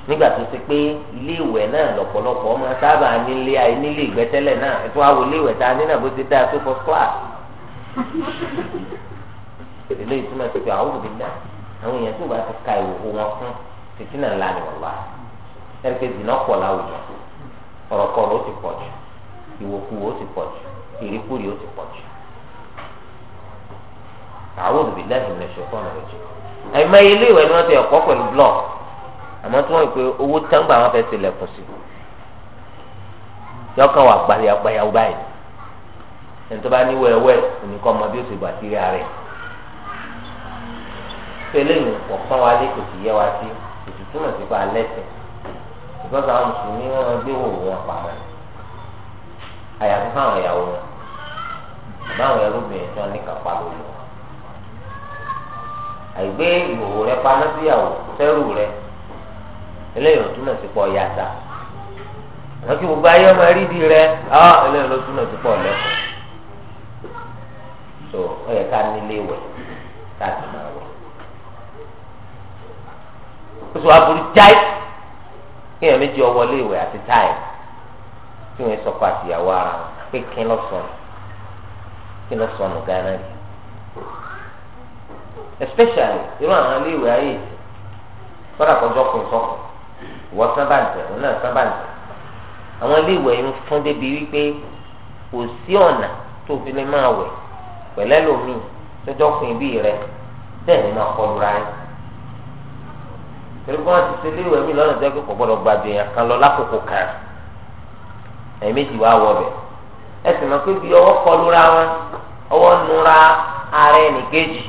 nígbà tó ṣe pé ilé ìwẹ̀ náà lọ́pọ̀lọpọ̀ ọmọ sábà nílé nílé ìgbẹ́tẹ́lẹ̀ náà ẹ̀tọ́ àwọn ilé ìwẹ̀ tá a ní náà bó ti dáa tó first class. ilé ìtumọ̀ ti fi àwọn òbí náà àwọn èèyàn tó bá ti ka ìwòwò wọn fún títí náà lánà ìwọ̀nba ẹ̀rẹ́kẹ́ dìnnà pọ̀ láwùjọ ọ̀rọ̀kọ̀rọ̀ ó ti pọ̀ jù ìwòkuwò ó ti pọ̀ jù ìríkúri ó ti pọ̀ jù. àwọn òbí náà ti mẹ̀ṣọ̀ fún ọ̀nà ìjì àmọ́ tí wọ́n yìí pé owó tẹ́ǹgbà wọn fẹ́ẹ́ ṣẹlẹ̀kùn sí yọkàn wà gbayagbayawo báyìí ẹni tó bá ní wẹ́wẹ́ oníkọ́ ọmọ bí ó ṣe bàtírí ara rẹ̀ pélé yìí ọ̀kan wa lé kò sì yẹ wa sí kò sì túmọ̀ sí pa lẹ́sẹ̀ ìgbọ́n àwọn mùsùlùmí wọn gbé wò wọn pamọ́ àyàfi fáwọn ìyàwó wọn àbáwọn ẹrúbìnrin tí wọn ní kápá lórí wọn àìgbé ìhòòhò rẹ pamọ́ síyàwó fẹ́rù rẹ. eléyìí ló túmọ̀ sí pọ̀ yàtà àwọn kí gbogbo ayé ọmọ rí di rẹ ọ eléyìí ló túmọ̀ sí pọ̀ lẹ́kọ̀ọ́ so ó yẹ ká nílé wẹ̀ ká sì máa wẹ̀ ó sọ aburú jáì kí èèyàn méjì ọwọ́ lé ìwẹ̀ àti táì tí wọ́n sọkọ àtìyàwó ara wọn pé kí ló sọnù kí ló sọnù gánà rí especially irú àwọn ilé ìwẹ̀ ayé kò ìwọ sábàǹtẹ̀ òun náà sábàǹtẹ̀ àwọn ilé ìwẹ̀ ń fún débi wípé kò sí ọ̀nà tó fi lè máa wẹ̀ pẹ̀lẹ́ lómi tọjọ́ fún ibí rẹ bẹ́ẹ̀ ni máa kọlu ra rẹ torí kí ṣe ilé ìwẹ̀ mi lọ́nà tó yẹ kó gbọ́dọ̀ gbàdùn èèyàn kan lọ lákòókò kan ẹ̀yìn méjì wá wọ bẹ̀ ẹ sì mọ̀ pé bí ọwọ́ kọlu ra wọn ọwọ́ nura ara ẹnì kejì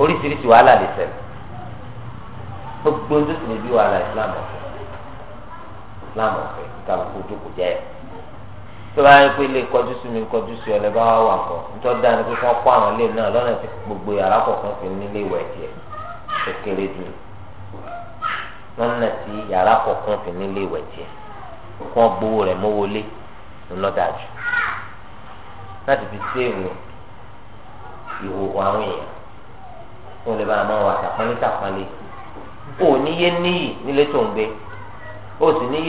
oríṣiríṣi wàhálà lè ṣẹlẹ̀ gbogbo ojú sì lè bí wàhálà ìsìlámù ọ̀f islam ọ̀fẹ́ kálukú jókòó jẹ́ tó bá yẹ pé ilé kọjú sí mi kọjú sí ọ lẹ bá wà kọ nítorí dáa ni pé kí wọn kó àwọn ilé náà lọ́nà tí gbogbo yàrá kọ̀ọ̀kan fi nílé ìwẹ̀ tiẹ̀ ó kéré jù lọ́nà tí yàrá kọ̀ọ̀kan fi nílé ìwẹ̀ tiẹ̀ kó wọn gbowó rẹ̀ mọ́ wọlé ńlọ́dà jù láti fi séèmù ìhòòhò àwọn èèyàn kó lè bá a máa wà tàpọ́nlé tàpọ́nlé kó o níyé níyì nílé tó ń gbé ó sì ní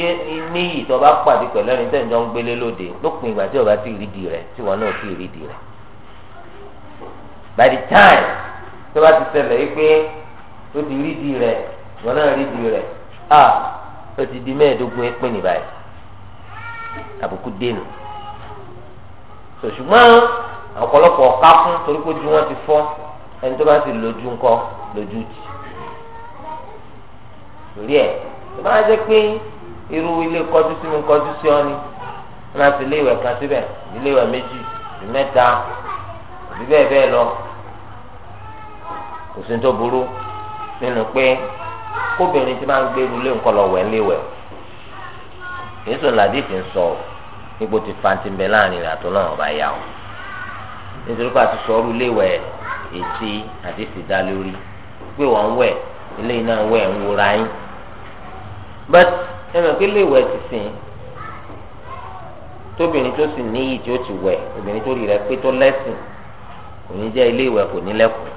níyì tó bá pàdé pẹ̀lú ẹni tẹ́ ń jọ ń gbélé lóde lópin ìgbà tí o bá ti rí di rẹ̀ tí wọn náà ti rí di rẹ̀. by the time tó bá ti ṣẹlẹ̀ yìí pé ó ti rí di rẹ̀ wọn náà rí di rẹ̀ a ó ti di mẹ́ẹ̀ẹ́dógún pín ní báyìí àbùkù dénú. ṣùgbọ́n ọ̀pọ̀lọpọ̀ ọ̀ká fún torí pé ojú wọn ti fọ́ ẹni tó bá ti lójú ńkọ́ lójú jì. torí ẹ̀ ìbá wá jẹ́ pé irú ilé kọjú sí mi kọjú sí ọ ni wọn ti ilé ìwẹ̀ kan síbẹ̀ ilé ìwẹ̀ méjì ju mẹ́ta òbí bẹ́ẹ̀ bẹ́ẹ̀ lọ kò sí tó burú nínú pé kóbìnrin ti máa ń gbé irú ilé nǹkan lọ wẹ̀ ń lé wẹ̀ èso làdí ti ń sọ ipò ti fanti bẹ láàrin rẹ àtọ náà ọba yà ó nítorí pé àti sọ̀rọ̀ ilé wẹ̀ ètí àti ìsìdá lórí pé wọn wẹ̀ ilé iná wẹ̀ ń wúra yín but ẹ mọ̀ pé lè wẹ̀ ti sìn tóbìnrin tó sì níyì tí ó ti wẹ̀ obìnrin tó rí rẹ pé tó lẹ́sìn kò ní jẹ́ ilé ìwẹ̀ kò ní lẹ́kùn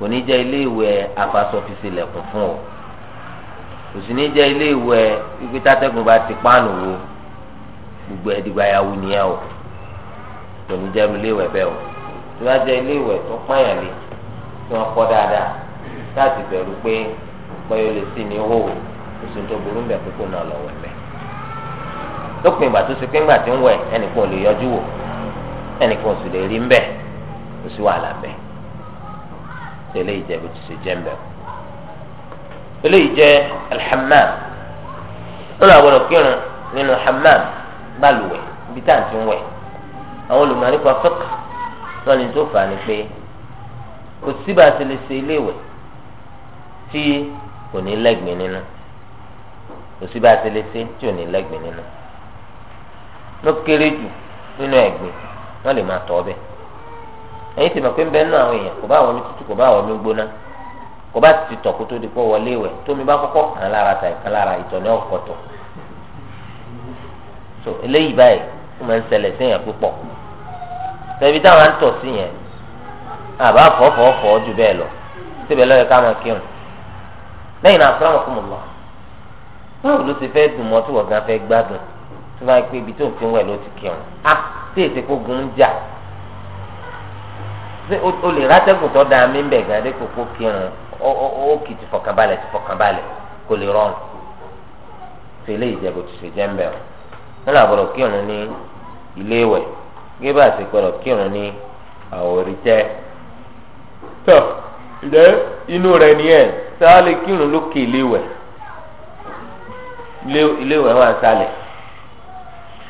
kò ní jẹ́ ilé ìwẹ̀ afasọ́fíìsì lẹ́kùn fún ọ kò sì ní jẹ́ ilé ìwẹ̀ ibi tátẹ́gùn bá ti páànù wo gbogbo ẹ̀dìgbà yà wù nìyẹn o kò ní jẹ́ ilé ìwẹ̀ bẹ́ẹ̀ o tó bá jẹ́ ilé ìwẹ̀ tó pààyàn lé tí wọ́n kọ́ dáadáa láti bẹ̀rù pé pé o lè sí ní hóòrò kò sí tó burú bẹ́ẹ̀ kókó náà lọ wẹ̀ bẹ́ẹ̀ lópin ìgbà tó ṣe pé ńgbà tí ń wẹ̀ ẹnìkan ò lè yọjú wò ẹnìkan ò sì lè rí ńbẹ̀ kò sí wàhálà ńbẹ̀ tẹ́lẹ̀ ìjẹbi ti ṣe jẹ ńbẹ̀ eléyìí jẹ alhamam ó lọ àgbọ́dọ̀ kírun nínú hamam balùwẹ̀ ibi tá à ń ti ń wẹ̀ àwọn olùmọ̀ nípa fẹkà náà ni tó fà á ni pé kò síbà ti lè ṣe ilé tí kò ní lẹ́gbìn nínú kò sí bá a ti lè ṣe tí ò ní lẹ́gbìn nínú ló kéré jù nínú ẹ̀gbìn wọ́n lè máa tọ́ bẹ́ẹ̀ ẹ̀yin ti mọ̀ pé ń bẹ́ẹ̀ nínú àwọn èèyàn kò bá àwọn omi tútù kò bá àwọn omi gbóná kò bá ti tọ̀ kó tó di pọ̀ wọlé ìwẹ̀ tómi bá kọ́kọ́ kàn lára ta ìkan lára ìtọ̀ ní ọ̀kọ̀ tọ̀ so eléyìí báyìí ó máa ń ṣẹlẹ̀ séèyàn púpọ̀ tẹ̀bi táwọn á ń tọ̀ sí yẹn àbá fọ́fọ́fọ́ ju bẹ́ẹ̀ lọ síbẹ̀ lọ́yẹ̀ ká máa kírun lẹ́yìn náà báwo ló ti fẹ́ dùn mọ́ tí wọ́n gan fẹ́ gbádùn tí wọ́n á pé ibi tó ń ti wẹ̀ ló ti kírun á tí èsì kó gun ń jà o lè rátẹ́gùn tó dáa mí bẹ̀ gan dẹ́kun kó kírun ó kì ti fọkànbalẹ̀ ti fọkànbalẹ̀ kò lè rọrùn tẹ́lẹ̀ ìjẹ́bù ti ṣe jẹ́ ń bẹ̀rù wọn làbọ̀dọ̀ kírun ní ilé ìwẹ̀ gé bá a ti gbọ́dọ̀ kírun ní àwòrí jẹ́ tó ǹjẹ́ inú rẹ̀ nìyẹn tá a lè kírun lókè ilé ìwẹ̀ ilé ewe wà sálẹ̀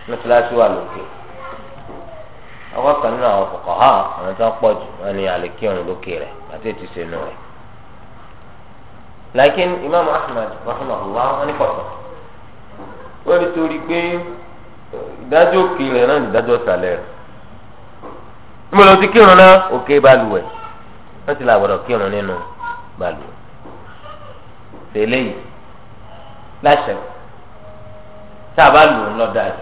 n'otu wà lókè ọkọ kan nínú àwọn kọ̀kọ̀ hàn àwọn tó pọ̀ jù wọn ni àlè kírun lókè rẹ̀ àti ètò lakin imaamu ahmed rahimahullah wọn ní kọ̀tọ̀ wọ́n ti torí pé ìdájọ́ òkè rẹ̀ náà ti kírun náà ti là kírun nínú yìí tá a bá lò ó lọ́dà yìí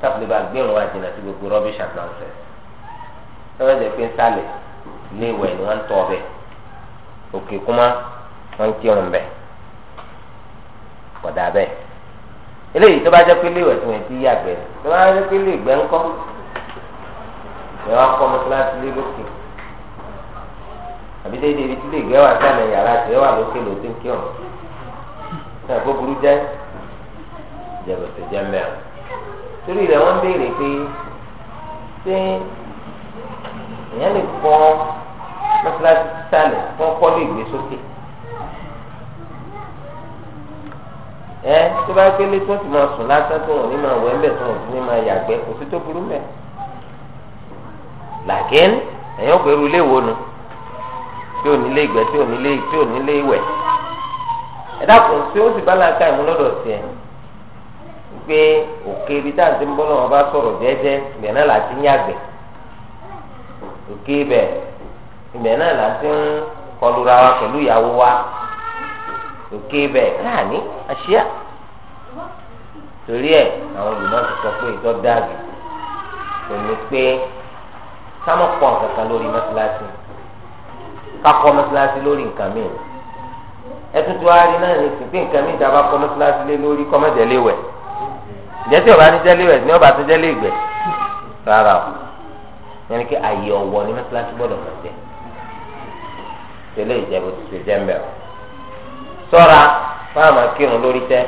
tábìlì bá gbé òun wá jìnnà sí gbogbo rubbish and nonsense ẹgbẹ́ jẹ́ pé nsàlẹ̀ ilé ìwẹ̀ ni wọ́n ń tọ́ ọbẹ̀ òkè kúmá wọ́n ń kírun bẹ̀ kọ̀dà bẹ́ẹ̀ eléyìí tó bá jẹ́ pé ilé ìwẹ̀ tí wọ́n ti yàgbẹ́ tó bá jẹ́ pé ilé ìgbẹ́ ńkọ́ ni wọ́n kọ́ mọ́tíláṣí lé lókè àbí déédéé ibi tí ilé ìgbẹ́ wà sálẹ̀ yàrá tẹ́ wà lókè lóde kírun náà kó burú jẹ́ jẹ̀bẹ̀tẹ̀ jẹ́ mẹ́rin torí rẹ̀ wọ́n béèrè pé ṣé èèyàn lè kọ́ mọ́sálásí sálẹ̀ kọ́ kọ́ lè gbé sókè ẹ tó bá gbélé tó ti máa sùn lásán tó wọn ní máa wọ ẹ̀bẹ̀ tó wọn ti ní máa yàgbẹ́ kò sí tó burú mẹ́ làkín èèyàn gbèrú ilé wo nu tí ò nílé ìgbẹ́ tí ò nílé tí ò nílé ìwẹ̀ ẹ dákun tí ó sì bá làákà ìmúlọ́dọ̀ tiẹ̀ pé òkè ibi tá à ń ti ń bọ́ lọ́wọ́ bá sọ̀rọ̀ jẹ́jẹ́ ibẹ̀ náà là ti ń yàgbẹ́ òkè ibẹ̀ ibẹ̀ náà là ti ń kọlura wa pẹ̀lú ìyàwó wa òkè ibẹ̀ náà ní àṣìyà torí ẹ̀ àwọn olùmọ̀ ti sọ pé ìtọ́ dáàbì kò ní pé sámọ̀ pọ̀ kankan lórí mọ́sálásí kakọ mọ́sálásí lórí nǹkan mìíràn ẹtùtù ari náà ní ìsìnkú nǹkan mìíràn tá a bá lé lórí kọ́mọ́jẹ́léwẹ̀ẹ́ ìjẹ́sí ọba ní jẹ́lé rẹ̀ ní ọba tó jẹ́lé ìgbẹ́ rárá o wọ́n ní kí ayé ọ̀wọ́ ní mẹ́tíláṣí gbọ́dọ̀ máa jẹ́ tẹ́lẹ̀ ìjẹ́bù ti ṣe jẹ́ mbẹ́ o sọ́ra máa máa kírun lórí tẹ́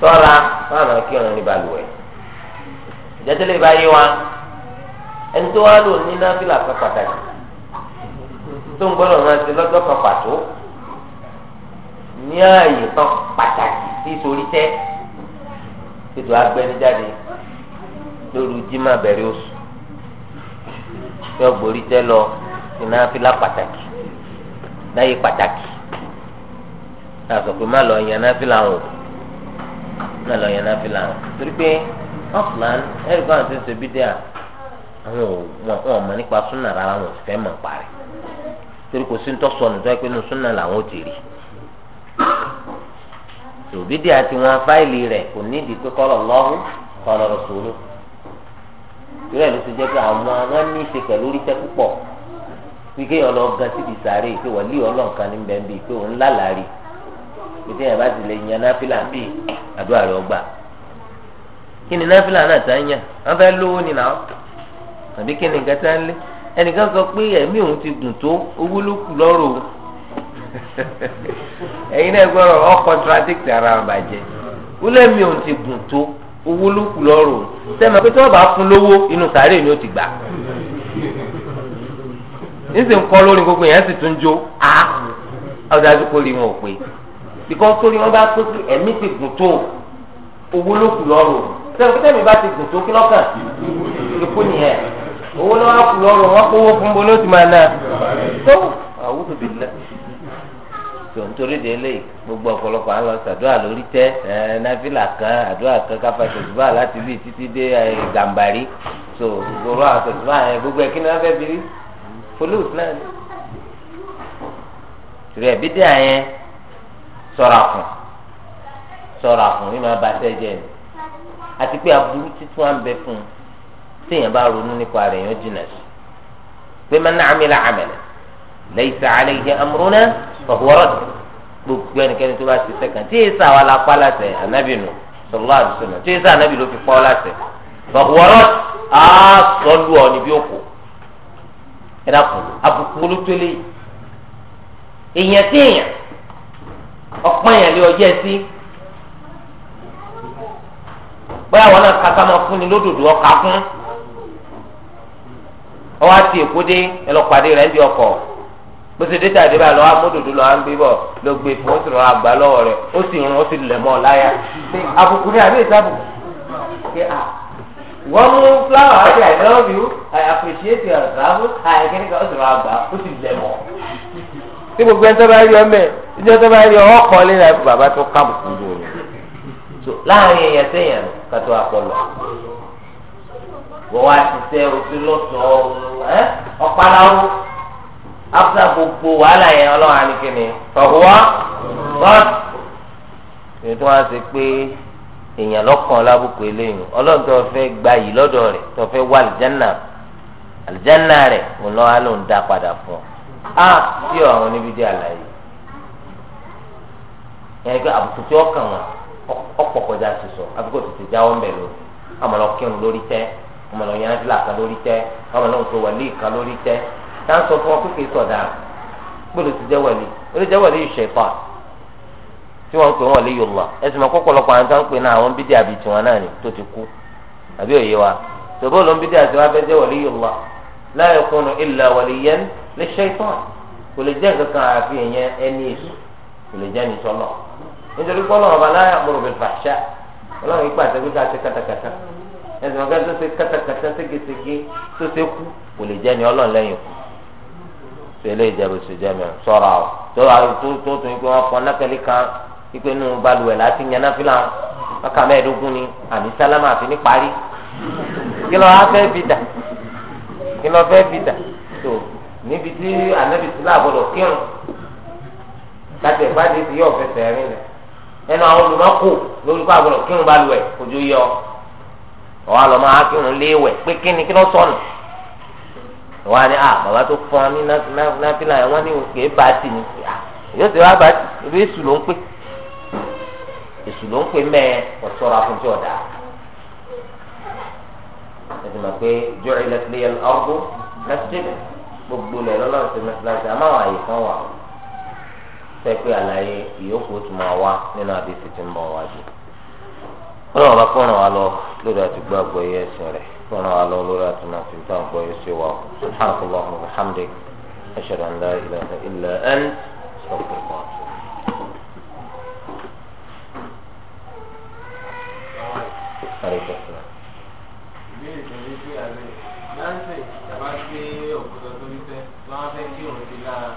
sọ́ra máa máa kírun ní balùwẹ̀ ìjẹ́tẹ́lẹ̀ ìbáyé wa ẹni tó wá lò ní náfìlà kan pàtàkì tó ń gbọ́dọ̀ máa ṣe lọ́jọ́ kan pàtó ní ààyè kan pàtàkì sí sórí tẹ́ títú agbẹnijáde lóru jimá bẹ̀rẹ̀ oṣù yọ gbórí tẹ lọ iná fila pàtàkì láyé pàtàkì àsọ pé má lọ yẹn náà fílà hàn má lọ yẹn náà fila hàn torí pé ọ̀fúlàn ẹ̀rí kan àti ṣe bídẹ́ à àwọn ò mọ̀ nípa súnà rárá wọn ò fẹ́ mọ̀ parí torí kò sí ń tọ́ sọnù tó yẹ pé nù súnà làwọn ò ti rí Obi àti wọn fáìlì rẹ kò nídìí pé kọlọ lọhùn kọlọ rọsùlù torí ló ti jẹ pé àwọn wọn ní í ṣe pẹ̀lú oríṣẹ́ púpọ̀ síbi pé lé ní bẹ́ẹ̀ pé òun lálàárí pé téèyàn bá ti lè yan náfìlà bíi àdúrà ọgbà kí ni náfìlà náà ń yàn lówó kí ni ń lé ẹnìkan sọ pé òun ti dùn tó owó ló kù *laughs* ẹ̀yin náà gbọ́dọ̀ ọ contradict ara wọn bàjẹ́ wúlẹ̀ mi ò ti gùn tó owó ló kù lọ́rùn sẹ́mi pé tí wọ́n bá fún lówó inú sàárè ni ó ti gbà nísìnyí kọ́ lórí gbogbo yẹn sì tún jó a ọ̀dájú kò rí wọn ò pé bíkọ́ sórí wọn bá pé kí ẹ̀mí ti gùn tó owó ló kù lọ́rùn sẹ́mi pé tẹ́mi bá ti gùn tó kí lọ́kàn ikú nìyẹn owó ló wá kù lọ́rùn wọn kówó fún bolo ti máa ná tó àwùjọ bìí tó nítorí de eléyìí gbogbo ọ̀pọ̀lọpọ̀ àwọn ṣàdúrà lórí tẹ́ ẹ̀ náfìlà kan àdúrà kan káfa ṣèṣùbà láti bí títí dé gàmbàrí tó gbogbo àwọn ṣèṣùbà yẹn gbogbo ẹ̀ kí ni wọ́n fẹ́ biri folúùs náà ni tìrẹ̀ bídẹ́ àyẹn sọ̀rọ̀ àkùn sọ̀rọ̀ àkùn ní máa ba tẹ́ jẹ́ ni àti pé aburú títún à ń bẹ fún un téèyàn bá ronú nípa rẹ̀ yẹn jìnnà sí pé man amila amalan laysa alayhi amruna fahuwa radd gbogbo ẹnikẹ́ni tó bá ti sẹ́kàn tí èsì àwọn alápá láṣẹ ànábì nù sallallahu alaihi wasallam tí èsì ànábì ló fi pọ́ láṣẹ fahuwa radd á sọ lù ọ níbi òkú ẹ dàpọ̀ àbùkù olótólé èèyàn sí èèyàn ọ̀pọ̀ èèyàn lé ọjọ́ ẹ sí bóyá àwọn náà kàkà máa fún ni lódòdó ọkà fún ọwọ́ àti èkó dé ẹ lọ pàdé rẹ̀ ń di ọkọ̀ bó ṣe dé tàdé báyìí lọ́wọ́ amódòdó lọ́wọ́ ń gbé bọ̀ gbé fún ó sì rọra gbà lọ́wọ́ rẹ̀ ó sì rún ó sì lẹ̀ mọ́ láyà. àbùkù ni àbí ìsàbùkù. wọ́n mú fúláwà àti I love you I appreciate your travel àìkíní kan ó sì rọra gbà ó sì lẹ̀ mọ́. tí gbogbo ẹni tó bá rí ọmọ ẹ ìjọ tó bá rí ọ ọkọ lé láì bàbá tó kábùkù lò ó. láàrin èèyàn séèyàn kàtó àpọlọ wọ́n wá ti sẹ́ afta gbogbo wàhálà yẹn ọlọ́run àníkíni fọwọ́ god èyí tó wá sí pé èèyàn lọ́kàn lábùkù eléyìí ọlọ́run tó fẹ́ gba yìí lọ́dọ̀ rẹ̀ tó fẹ́ wá àlìjánà àlìjánà padà fún ọ á sí ọ̀run níbi dé àlàyé yẹn pé àbùkù tí ọkàn wọn ọ̀pọ̀ kọjá sísọ tètè jáwọ́ ń bẹ̀ lọ àmọ́ lọ kírun lórí tẹ́ àmọ́ tá à ń sọ fún ọ pé kì í sọ̀dà gbọ́dọ̀ ti jẹ́ wẹ̀lì olùjẹ́wẹ̀lì yìí ṣẹ̀fà tí wọ́n pè wọ́n lé yorùbá ẹ̀sìn máa kọ́kọ́ lọ́kọ̀ àwọn tó ń pè náà àwọn bídíà bíi tiwọn náà ni tó ti kú àbí òye wa tòbó ló ń bídíà kò lè kankan àfi ẹni èso tẹlẹ ìjẹbù sì jẹ mẹ sọra o tó tó tó tó ikú wọn kọ nákẹlẹ kan ikú inú balùwẹ̀ láti yẹn náà ọkà mẹ́ẹ̀ẹ́dógún ni àmì sálámà àfi ní parí kí lọ wá fẹ́ fi kí lọ tó níbi tí sílá kírun láti ti yọ rìn ẹnu àwọn lórí kó kírun yọ ọ̀ wọn ni ní ah, baba tó fún wa ní náfìlà yẹn wọn ni kèé bá tì ní yóò ti wá bá tì èsù ló ń pè èsù ló ń pè mẹ́ẹ̀ ọ̀ṣọ́ra fún tí ọ̀dà ẹ̀sìn pé jọ́rọ̀ ilẹ̀kùnlé yẹn ọ̀gbọ́n lẹ́sìtìlẹ̀ gbogbo lẹ̀ lọ́lọ́run ti mẹ́sìláṣí àmọ́ àwọn àyè kan wà ó pé àlàyé ìyókù tó máa wá nínú ti ń bọ̀ wájú. lọ́wọ́ bá wa lọ lórí àgbọ̀yé ẹ̀sìn rẹ̀. wọn náà lọ lórí àtúnà tí nǹkan gbọ́ yìí ṣe wà subhanaka allahumma wa bihamdik ashhadu an la ilaha illa ant astaghfiruka wa atubu ilayk. ìbéèrè tó ní sí àgbẹ̀ láńsẹ̀ ìjàmbá gbé òkúta tó ní fẹ́ wọ́n á fẹ́ kí òun ti lára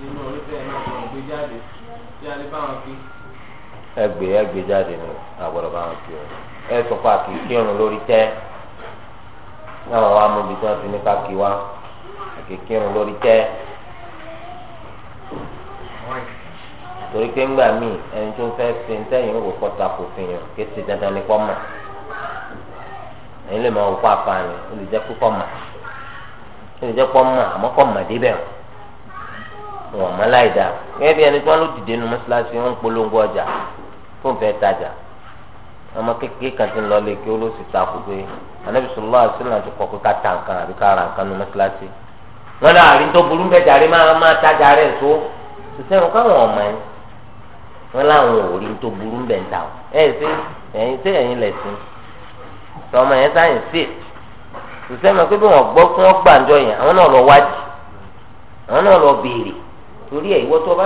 nínú oríṣẹ́ náà kò gbé jáde tí a lè bá wọn kí. ẹgbẹ́ ẹgbẹ́ jáde ni àgbọ̀dọ̀ bá wọn kí o ẹ sọ pé àkìkí ọ̀run lórí tẹ́. náà wàá mú ibi tí wọ́n ti ní káàkiri wá àkèké ń torí pé ńgbà míì ẹni tó fẹ́ ṣe ń tẹ́yìn wò kọ́ta kò fi hàn kí ti dandan ní kọ́ mọ̀ ẹ̀yin lè máa polongo ọjà fún fẹ́ tajà. ọmọ kékeré kan ti ń lọ lé kí ó ló sì ta kó pé anabi sọlọ àṣìlá ti ta nǹkan àbí ká ra nǹkan nu mọ́sálásí wọn náà àrí tó burú bẹ́ẹ̀ jàre máa máa tájà tó wọn káwọn ọmọ yẹn wọn láwọn tó burú ta ẹ ṣe ẹyin ṣe ẹyin sí ọmọ yẹn sáyẹn wọn pé bí wọn fún yẹn torí ìwọ tó bá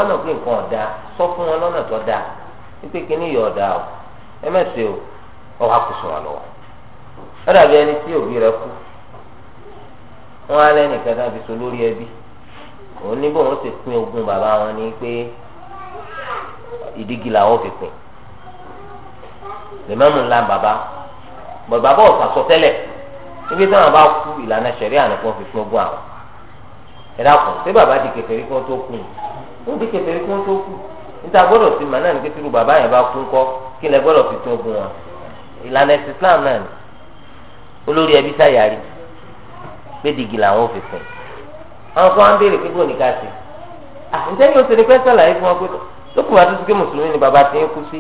pé ẹ mẹsẹ o ọwọ akùsùn wà lọ́wọ́ ẹ dàbí ẹni tí òbí rẹ̀ kú wọn alẹ nìkan tá a fi so lórí ẹbí òun ní bóun ti pín ogún bàbá wọn ni pé ìdígi làwọn fi pín lèmọ́mù ńlá bàbá bàbá bọ̀ sàsọ tẹ́lẹ̀ níbi táwọn bá kú ìlànà sẹ̀rí ànàkùn fi pín ogún àwọn ẹ dàpọ̀ ṣé bàbá di kèfèrí kí wọ́n tó kú ní wọ́n di kèfèrí kí wọ́n tó kú níta gbọ́dọ̀ sí màá náà ní pé bàbá yẹn bá kú ńkọ́ kí lẹ gbọ́dọ̀ fi tóògùn wọn ìlànà ẹ̀sìn islam náà ni olórí ẹbí sáyàrí pé dìgì làwọn ò fi sìn àwọn kan á ń béèrè pé bóun ní ká ṣe ǹjẹ́ yóò ṣe ni pẹ́ sàlàyé fún wọn pé lókùnrin àti sùkè mùsùlùmí ni bàbá ti ń kú sí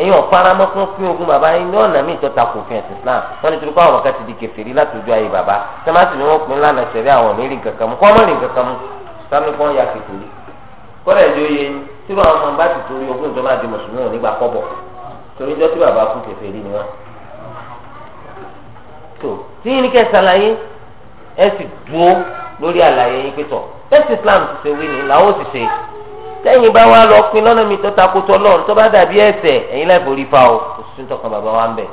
ẹ̀yin ọ̀faramọ́ fún fún ogun bàbá yín ní ọ̀nà míì tó takò fún ẹ̀sìn islam wọ́n ní torí kó àwọn kan ti di kèfèrí látòjú ayé bàbá sẹ́másì ni wọ́n pin lánàá ṣẹ̀rí àwọn onírìn kankan mu kọ́ ọmọ rìn kankan mu sámi kọ́ ya kèfèrí kọ́lẹ̀ ẹ̀jọ́ tí wọn àwọn bá ti torí ogún ìjọba àti mùsùlùmí ò nígbà kọ́bọ̀ torí ìjọ tí bàbá kú kẹfẹ rí ni wọn. tó tí yín ní kẹ́ ṣàlàyé ẹ sì dúró lórí àlàyé yín pé tọ̀ bẹ́ẹ̀ islam ti ṣe wí ni làwọn ò sì ṣe tẹ́yìn bá wá lọ pin lọ́nà mi tó takò tọ́ lọ́run tó bá dàbí ẹ̀sẹ̀ ẹ̀yin láì forí fa o kò sí tọkàn bàbá wa ń bẹ̀.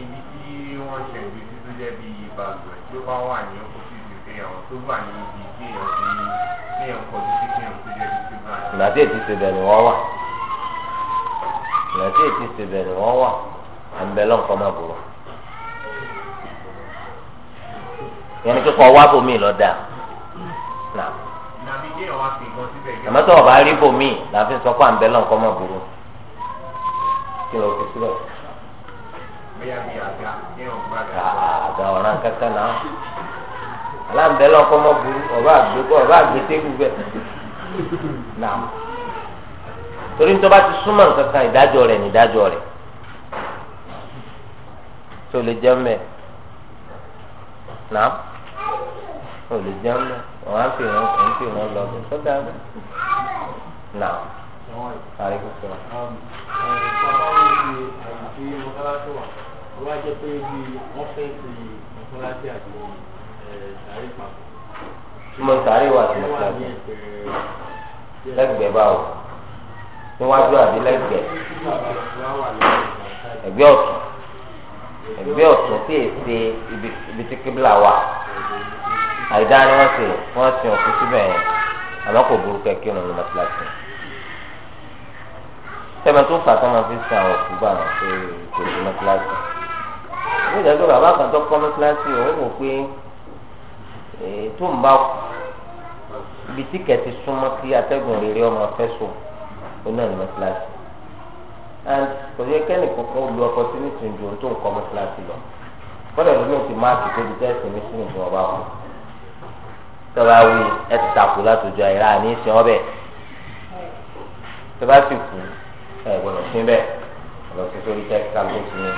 Ibi tí wọ́n ṣe ibi tí tó jẹ́ bíi balùwẹ̀ tó bá wà ní ọkọ̀ tí ìdílé àwọn tó wà ní ibi na tí ètí ṣe bẹ̀rẹ̀ wọ́n wà ìgbà tí ètí ṣe bẹ̀rẹ̀ wọ́n wà à ń yẹn ni kíkọ́ wá bòmí lọ́dà náà àmọ́ tó o sọ pé aláǹbẹ̀lẹ̀ ọkọ mọ burú ọba àgbẹ̀kọ ọba àgbẹ̀tẹ́kù bẹ́ẹ̀ nà torí nítorí bá ti súnmọ́ nǹkan kan ìdájọ́ rẹ̀ nídájọ́ rẹ̀ tó lè jẹ́ mẹ́ nà ó lè jẹ́ mẹ́ ọ̀hán fi hàn kàn fi hàn lọ bẹ́ẹ̀ tó dáa bẹ́ẹ̀ nà àríkú sọ. Wọ́n á jẹ́ pé bí wọ́n fẹ́ ṣe ìmọ̀kànlá sí àdéhùn túmọ̀ sàárè wà sí mọ́sálásí lẹ́gbẹ̀ẹ́ báwo níwájú àbí lẹ́gbẹ̀ẹ́ ẹ̀gbẹ́ ọ̀tún ẹ̀gbẹ́ ọ̀tún tí èsè ibi tí kíbla wà àìdá ni wọ́n ṣe wọ́n ṣe òkú síbẹ̀ yẹn àmọ́ kò burú kẹ́kẹ́ òun ní mọ́sálásí sẹ́mi tó fà sọ́mọ fi sin àwọn òkú bá wọn pé kò sí mọ́sálásí ní ìdájọ́ bàbá tó kọ́ mọ́sálásí òun wò pé. Eh, tó ń bá ibi tí kẹ̀tì súnmọ́ kí atẹ́gùn rere ọmọ fẹ́ sùn ó náà ní mọ́tíláṣí and kò yẹ kẹ́ni kankan lu opportunity ju ohun tó ń kọ́ mọ́tíláṣí lọ kọ́dọ̀ ló ní o ti máàkì tó di tẹ́sí ní sínú ìjọba ọba kù tọ́ba wí ẹ ti takò látòjọ ìlà ní ìsìn ọbẹ̀ tọ́ba sì kú ẹ gbọ́dọ̀ sí bẹ́ẹ̀ ọ̀dọ̀ sí sórí tẹ́sí kálukú sí ní.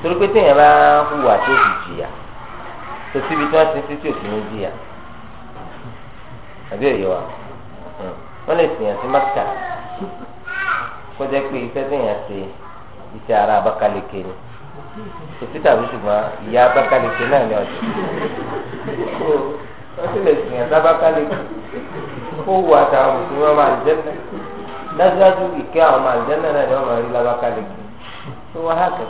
torí pé téèyàn bá hùwà tó fi jìyà kò síbi tí wọ́n ti sí tí òsì ní jìyà àbí òye wa wọ́n lè sìn yàn sí mákà kọjá pé iṣẹ́ tí yàn ṣe iṣẹ́ ara Abakaliki ni kò sí tàbí ṣùgbọ́n ìyá Abakaliki náà ni ọ̀dọ́ wọ́n sì lè sìn yàn sí Abakaliki kó wù àtàwọn mùsùlùmí ọmọ àlùjẹ́nà dájúdájú ìkẹ́ àwọn ọmọ àlùjẹ́nà náà ni wọ́n máa rí l'Abakaliki tó wá hàkẹ́.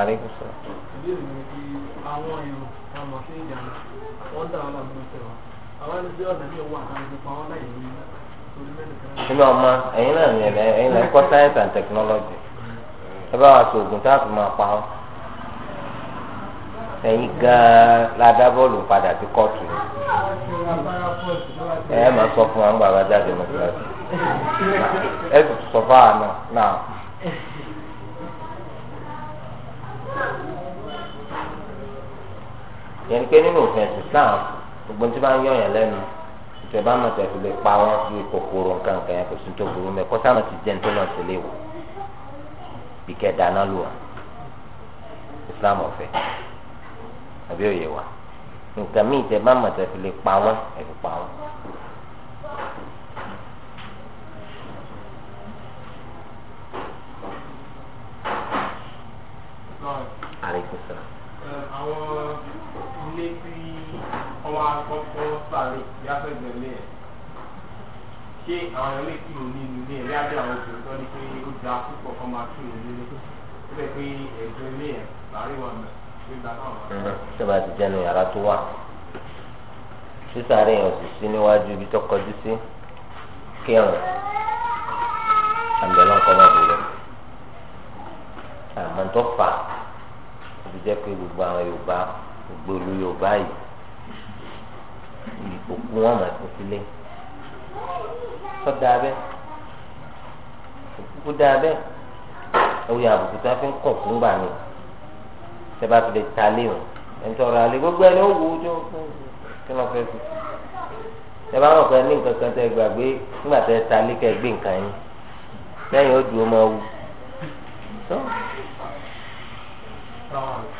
Aleykum salaam. ìbéèrè ni pé àwọn èèyàn ta mọ̀ sí ìjànà wọ́n wa àwọn ẹni tí ọ̀nà yóò wà láti fi pa wọ́n láyé ní nínú ọmọ náà ní science and technology ẹ bá wa sọ oògùn tá a fi máa pa ọ ẹ̀yin gan-an la bọ́ọ̀lù padà sí kóòtù ẹ máa sọ fún wa ń gbàgbá jáde mọ́ síláṣí ẹ sì sọ náà náà. yẹn pé nínú òfin ẹ̀sìn Islam gbogbo tí wọ́n yọ̀ yàn lẹ́nu ìjọba àmọ̀ tẹ̀ fi lè pa wọn sí kòkòrò nǹkan nǹkan yẹn kò sí tó burú mẹ́ kọ́sá àmọ̀ ti jẹ́ nítorí náà sílé wò bí kẹ́ dáná lù wọ́n Islam ọ̀fẹ́ àbí òye wa nǹkan míì tẹ̀ bá àmọ̀ tẹ̀ fi lè pa wọn ẹ̀ fi pa wọn. Aleykum salaam. Àwọn wá kọ́kọ́ sáré yáfẹ́gbẹ̀lé ẹ̀ ṣé àwọn ẹlẹ́ kí ló ní inú ilé ẹ̀ lábẹ́ àwọn obìnrin tó ní pé ó da púpọ̀ kan máa kí ló nílé ó bẹ̀ pé ẹ̀gbẹ́ ilé ẹ̀ sáré wà mẹ́ sọba ti jẹnu yàrá tó wà sísàárẹ̀ yẹn ò sì sí níwájú ibi tó kọjú sí kírun àbẹ̀lọ́ nǹkan máa bẹ̀rẹ̀ àmọ́ tó fà á ti jẹ́ pé gbogbo àwọn Yorùbá gbòòlù Yorùbá yìí gbogbo wọn máa tó sílé sọdọ abẹ òkúkú dá abẹ òye àbùkù tí wọn fi ń kọ fún gbà mí sẹba tó lè ta lé o ẹnitọrọ alẹ gbogbo ẹni ó wù ú tó kí wọn fẹẹ fi sẹba wọn kọ ní nǹkan kan tẹ gbàgbé nígbà tẹ ta lé kẹ gbé nǹkan yín lẹ́yìn ó dùn ó máa wù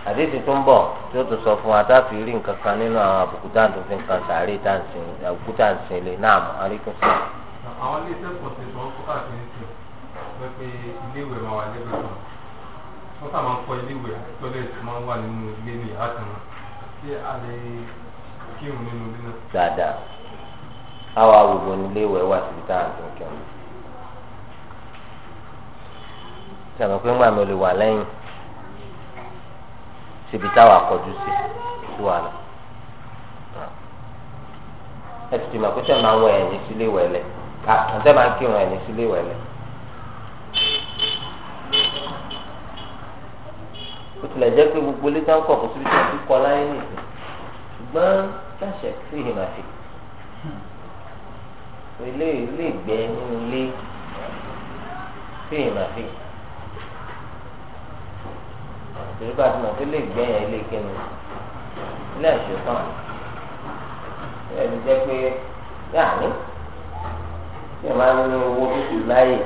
àdéhùn tó ń bọ̀ tí ó tún sọ fún wa táfi rí nǹkan kan nínú àwọn àbùkù táǹtò fi nǹkan sàárè táǹsìn àbùkù táǹsìn lè náà mọ̀ àríkún sí. àwọn ilé iṣẹ́ pọ̀ sí ìṣòro fún káàkiri sí pé pé iléèwé máa wà lẹ́gbẹ̀ẹ́ kan wọ́n sábà máa ń kọ́ iléèwé àti tọ́lẹ̀tì máa ń wà nínú ilé ní ìyá kan ṣé a lè kírun nínú ilé náà. dáadáa àwọn àwòbò níléèwé wà síbi táǹtò kẹrin. ń gbà mí síbi táwa kọjú sí sí wàhálà ẹ ti mọ̀ pé sẹ́ẹ̀ máa ń wọ ẹ̀yìn sílé wẹ̀lẹ̀ àtúntẹ́ máa ń kírun ẹ̀yìn sílé wẹ̀lẹ̀. ó tilẹ̀ jẹ́ pé gbogbo létà ń kọ̀ kó síbi tí wọ́n ti kọ́ láyé nìyí ṣùgbọ́n láṣẹ sí ìhìnà sí ilé ilé ìgbẹ́ nínú ilé sí ìhìnà torí bá a ti mọ̀ pé lè gbẹ̀yìn ilé kíni ilé ẹ̀ṣẹ̀ tán ẹ̀ ti jẹ́ pé yàní tí ẹ̀ máa ń ní owó tútù láyè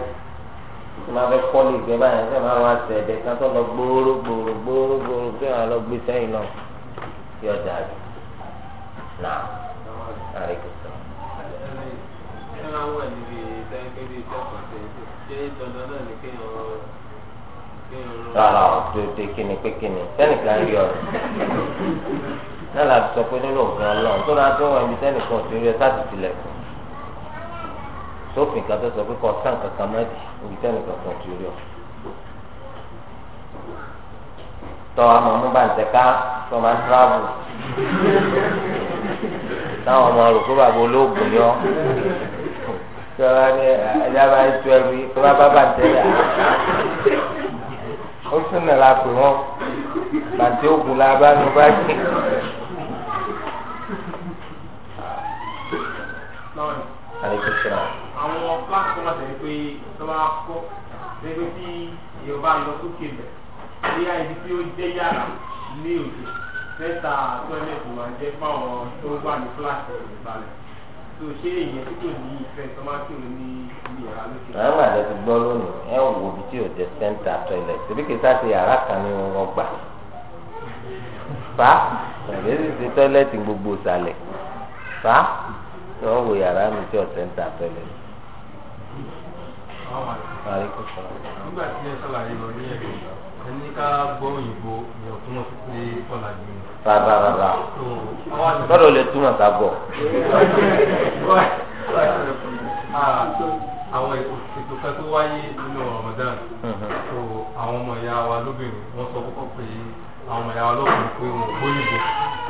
tí máa fẹ́ kọ́ lè gbẹ báyìí tí ẹ̀ máa wá sẹ̀dẹ̀ kan tó lọ gbòòrò gbòòrò gbòòrò gbòòrò tí ẹ̀ lọ gbé sẹ́yìn lọ yọ dàbí nà àríkù sọ. ẹ ń wà níbi ìdájọ́ bíi ìjọba ṣe ṣe dandan náà ní kéèyàn rárá o dòdò kíni pé kíni sẹ́nìkan rí ọ̀rọ̀ náà láti sọ pé nínú nǹkan ọlọ́run tó náà tó wọ ibi sẹ́nìkan tó rí ẹ sáà ti tilẹ̀ kù sófin kan tó sọ pé kọ́ sàn kankan má di ibi sẹ́nìkan kan tó rí ọ. tọ́ àmọ́ mú bá ń tẹ̀ka tọ́ máa ń tíráàbù táwọn ọmọ rò kó bàbá olóògùn yọ tọ́ ẹ ẹ dábàá ètò ẹrú yìí kó bá bá bá ń tẹ̀lé àná ó sún náà la pè wọn bàtí ogun la bá nu bá jẹ. àwọn kíláàsì tó máa tẹ̀lé pé tó bá kọ́ ṣe pé tí yorùbá lọ sókè bẹ̀ bóyá ibi tí ó jẹ́ yàrá ní òde mẹ́ta tó ẹlẹ́kùn máa jẹ́ fáwọn tó wà ní kíláàsì ìbàlẹ̀ tó ṣe èèyàn tí kò ní ìfẹ́ tó máa kí òun ní ilé yàrá lókè. àwọn àgbẹ̀ ti gbọ́ lónìí ẹ wò ibi tí ò jẹ́ sẹ́ńtà tọ́ilẹ̀ síbí kì í sáṣe yàrá kan ní ọgbà fa ẹ̀rẹ́ sì ṣe tọ́ilẹ̀tì gbogbo ìsàlẹ̀ fa tí wọ́n wo yàrá mi tí ò sẹ́ńtà tọ́ilẹ̀. nígbà tí ẹ sọ̀rọ̀ àyè lọ ní ẹ̀kọ́ ẹni ká gbọ́ òyìnbó ìyọ̀túnmọ̀ sí pé ọ̀làjú ni rárára lọ́dọ̀ lè túmọ̀ ká bọ̀. àwọn ètò kan tó wáyé nínú Ramadan tó àwọn ọmọ ìyá wa lóbìnrin wọ́n sọ kókó pé àwọn ọmọ ìyá wa lóbìnrin pé wọn ò gbóyìnbó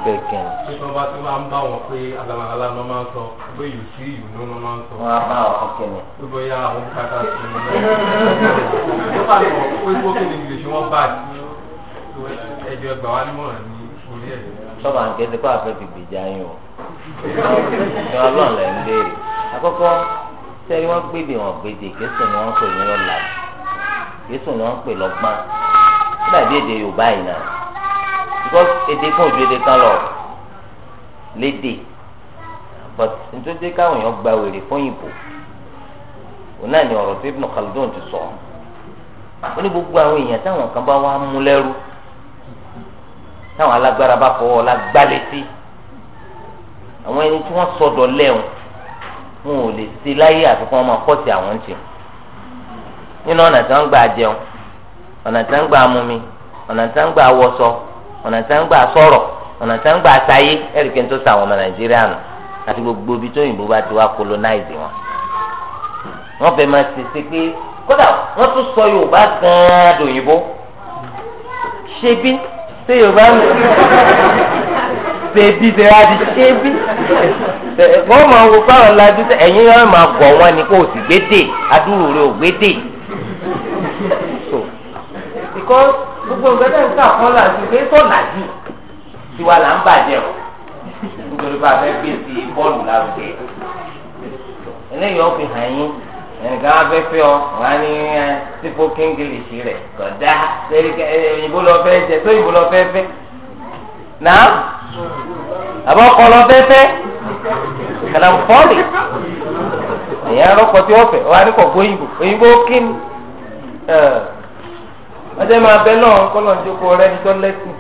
kẹ̀kẹ́. ṣé tí wọ́n bá ti máa ń bá wọn pé alamalala ló máa ń sọ pé yóò sí ìlú ló máa ń sọ. wọ́n á bá wọn kẹ̀kẹ́. tó bọ́ yá àwọn bùkátà sí i. nípa lọ pé gbókè ní ìgbésí wọn bá a ti ẹjọ́ ẹgbàá wa nímọ̀ràn ní sọ́ba ń kéde kó àfẹ́ fi gbèjà yín o ní ọlọ́run lẹ̀ ń léèrè àkọ́kọ́ sẹ́rí wọ́n gbèdè wọn gbèdè kéṣù ni wọ́n pè ní ọ̀la kéṣù ni wọ́n pè lọ́gbọ́n ó dàbí èdè Yorùbá yìí náà because èdè kan ò ju èdè kan lọ lédè but nítorí káwọn èèyàn gba wèrè fún ìbò òun náà ni ọ̀rọ̀ tó Ibn Khaldun ti sọ ó ní gbogbo àwọn èèyàn táwọn kan bá wá mú lẹ́rú táwọn alágbára bá fọwọ́ ọ̀la sí àwọn ẹni tí wọ́n sọ̀dọ̀ lẹ́hùn wọn ò lè ṣe láyé àfikún ọmọ kọ́ọ̀tì àwọn ń tiwọn nínú ọ̀nà tí wọ́n gbà jẹun ọ̀nà tí wọ́n gbà mumi ọ̀nà tí wọ́n gbà wọṣọ ọ̀nà tí wọ́n gbà sọ̀rọ̀ ọ̀nà tí wọ́n gbà sáyé ẹ̀ríkẹ́ tó sàwọn ọmọ nàìjíríà nù àti gbogbo ibi tó yìnbó bá ti wá colonize wọn wọ́n fẹ́ máa ṣèṣe pé kódà wọ́n tún sọ yorùbá gan-an dòyìnbó ṣebí ṣé yorùbá ń ṣe bí ṣe wá di ṣé bí wọ́n wo fáwọn lajú sẹ́ ẹ̀yin yóò máa gọ̀ wọ́n ni kó sì gbogbo nǹkan tẹ̀ ń kà fún làjú pé sọ làjú tiwa o nítorí bá a fẹ́ gbé sí bọ́ọ̀lù ẹnìkan wá fẹ́ fẹ́ ọ wá ní ẹ sípò kíngìlìṣì rẹ̀ kọ̀dá ìbò lọ fẹ́ jẹ tó ìbò lọ fẹ́ fẹ́ náà àbọ̀ ọkọ̀ lọ fẹ́ fẹ́ kàlàfọ́ọ̀lì èèyàn rọ́pò tí wọ́n fẹ́ wá ní kọ̀ọ̀kọ̀ òyìnbó òyìnbó kíni ọjọ́ máa bẹ lọ́wọ́ kọ́lọ́ ní jókòó rẹ ní tọ́lẹ́sì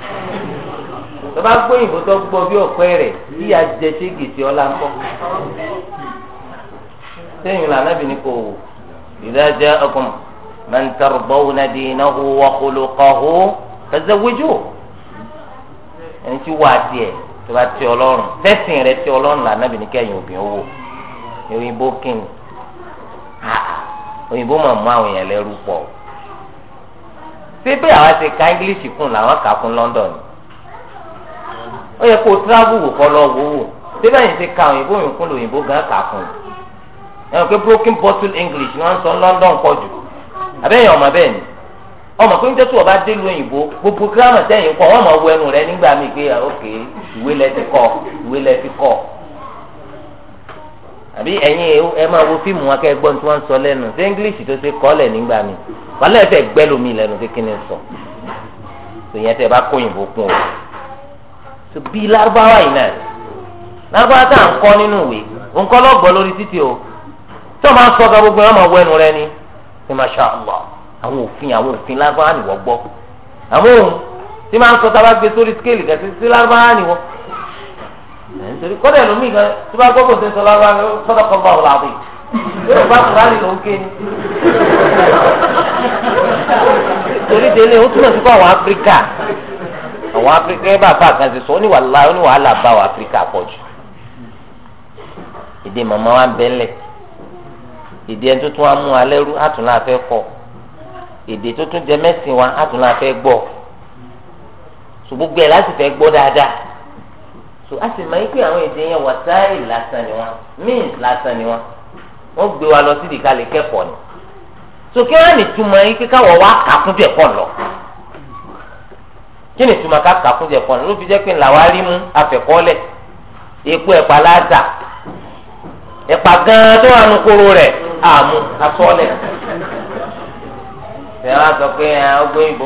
tó bá gbóyìnbó tó gbọ́ bí ọ̀pẹ́ rẹ̀ bí ajẹ́ ṣégeṣe ọlá ń bọ̀ sẹ́yìn lànà bí ní kò wò idha ja'akum man tardawna dinahu wa khuluqahu fazawwijuhu ẹni tí wà á tiẹ̀ tó bá ti ọlọ́run tẹ́sìn rẹ ti ọlọ́run lànà bí ní kẹ́yìn obìnrin wò òyìnbó kíni òyìnbó máa mú àwọn èèyàn lẹ́rú pọ̀ síbẹ̀ àwa ti ka english kún làwọn kà kún london ó yẹ kó travel kọ́ lọ wò wò síbẹ̀ yìí ti ka òyìnbó yìí kún lòyìnbó gan kà kún yìí. ẹ wọ́n pé broken bottle English ni wọ́n sọ London pọ̀ jù àbẹ́yẹn ọmọ bẹ́ẹ̀ ni ọmọ pé ń tẹ́tù ọba dé lu òyìnbó gbogbo gírámà sẹ́yìn kọ́ wọ́n mọ̀ wọ ẹnu rẹ nígbà míì pé òkè ah, ìwé lẹ ti kọ́ ìwé lẹ ti kọ́ àbí ẹ̀yin ẹ máa wo fíìmù wọn kẹ́ gbọ́n tí wọ́n sọ lẹ́nu ṣé English tó ṣe kọ́ lẹ̀ nígbà gbẹ́ lẹ́nu kí ni sọ bá kó òyìnbó kún o bí yìí náà tá à ń kọ́ nínú ìwé òǹkọ́ lọ́gbọ́ lórí o. tí wọn máa sọ ká gbogbo yẹn máa wọ ẹnu rẹ ni ṣe masha allah àwọn òfin àwọn òfin lágbára nìwọ gbọ́ àmọ́ òun tí máa ń sọ tábà gbé sórí skéèlì kẹsì sí lágbára nìwọ nítorí kọ́dà ẹlòmíì kan tí bá gbọ́dọ̀ ṣe sọ lágbára sọ́dọ̀ kan bá wọlé àbí yóò bá kúránì ló ń ké ni. torí délé ó túmọ̀ sí fún àwọn áfíríkà àwọn áfíríkà ẹ bá bá kan ṣe sọ ó ní wàhálà ó ní wàhálà bá àwọn áfíríkà pọ̀ jù èdè màmá wa ń bẹ́ńlẹ̀ èdè ẹni tó tún wá mú wa lẹ́rú àtúnlá fẹ́ kọ́ èdè tó tún jẹ mẹ́sìn wa àtúnlá fẹ́ gbọ́ ṣùgbọ́n ẹ̀ láti fẹ́ gbọ́ dáadáa so a sì máa ń pè àwọn èdè yẹn wàsáì lásán ni wọn means lásán ni wọn wọn gbé wa lọ sí ìdíkà lè kẹ́kọ̀ọ́ ni so kí wọn á nìtumọ̀ yín kí káwọn wá kàkúndẹ̀ pọ̀ lọ kí nìtumọ̀ ká kàkúndẹ̀ pọ̀ lọ ló fi jẹ́ pé làwa rí mú afẹ́kọ́lẹ̀ epo ẹ̀pà láàtà ẹ̀pà gan-an tó wà nù kóró rẹ̀. àmú asọ́lẹ̀ ìyá wa sọ pé ọgbóyìnbó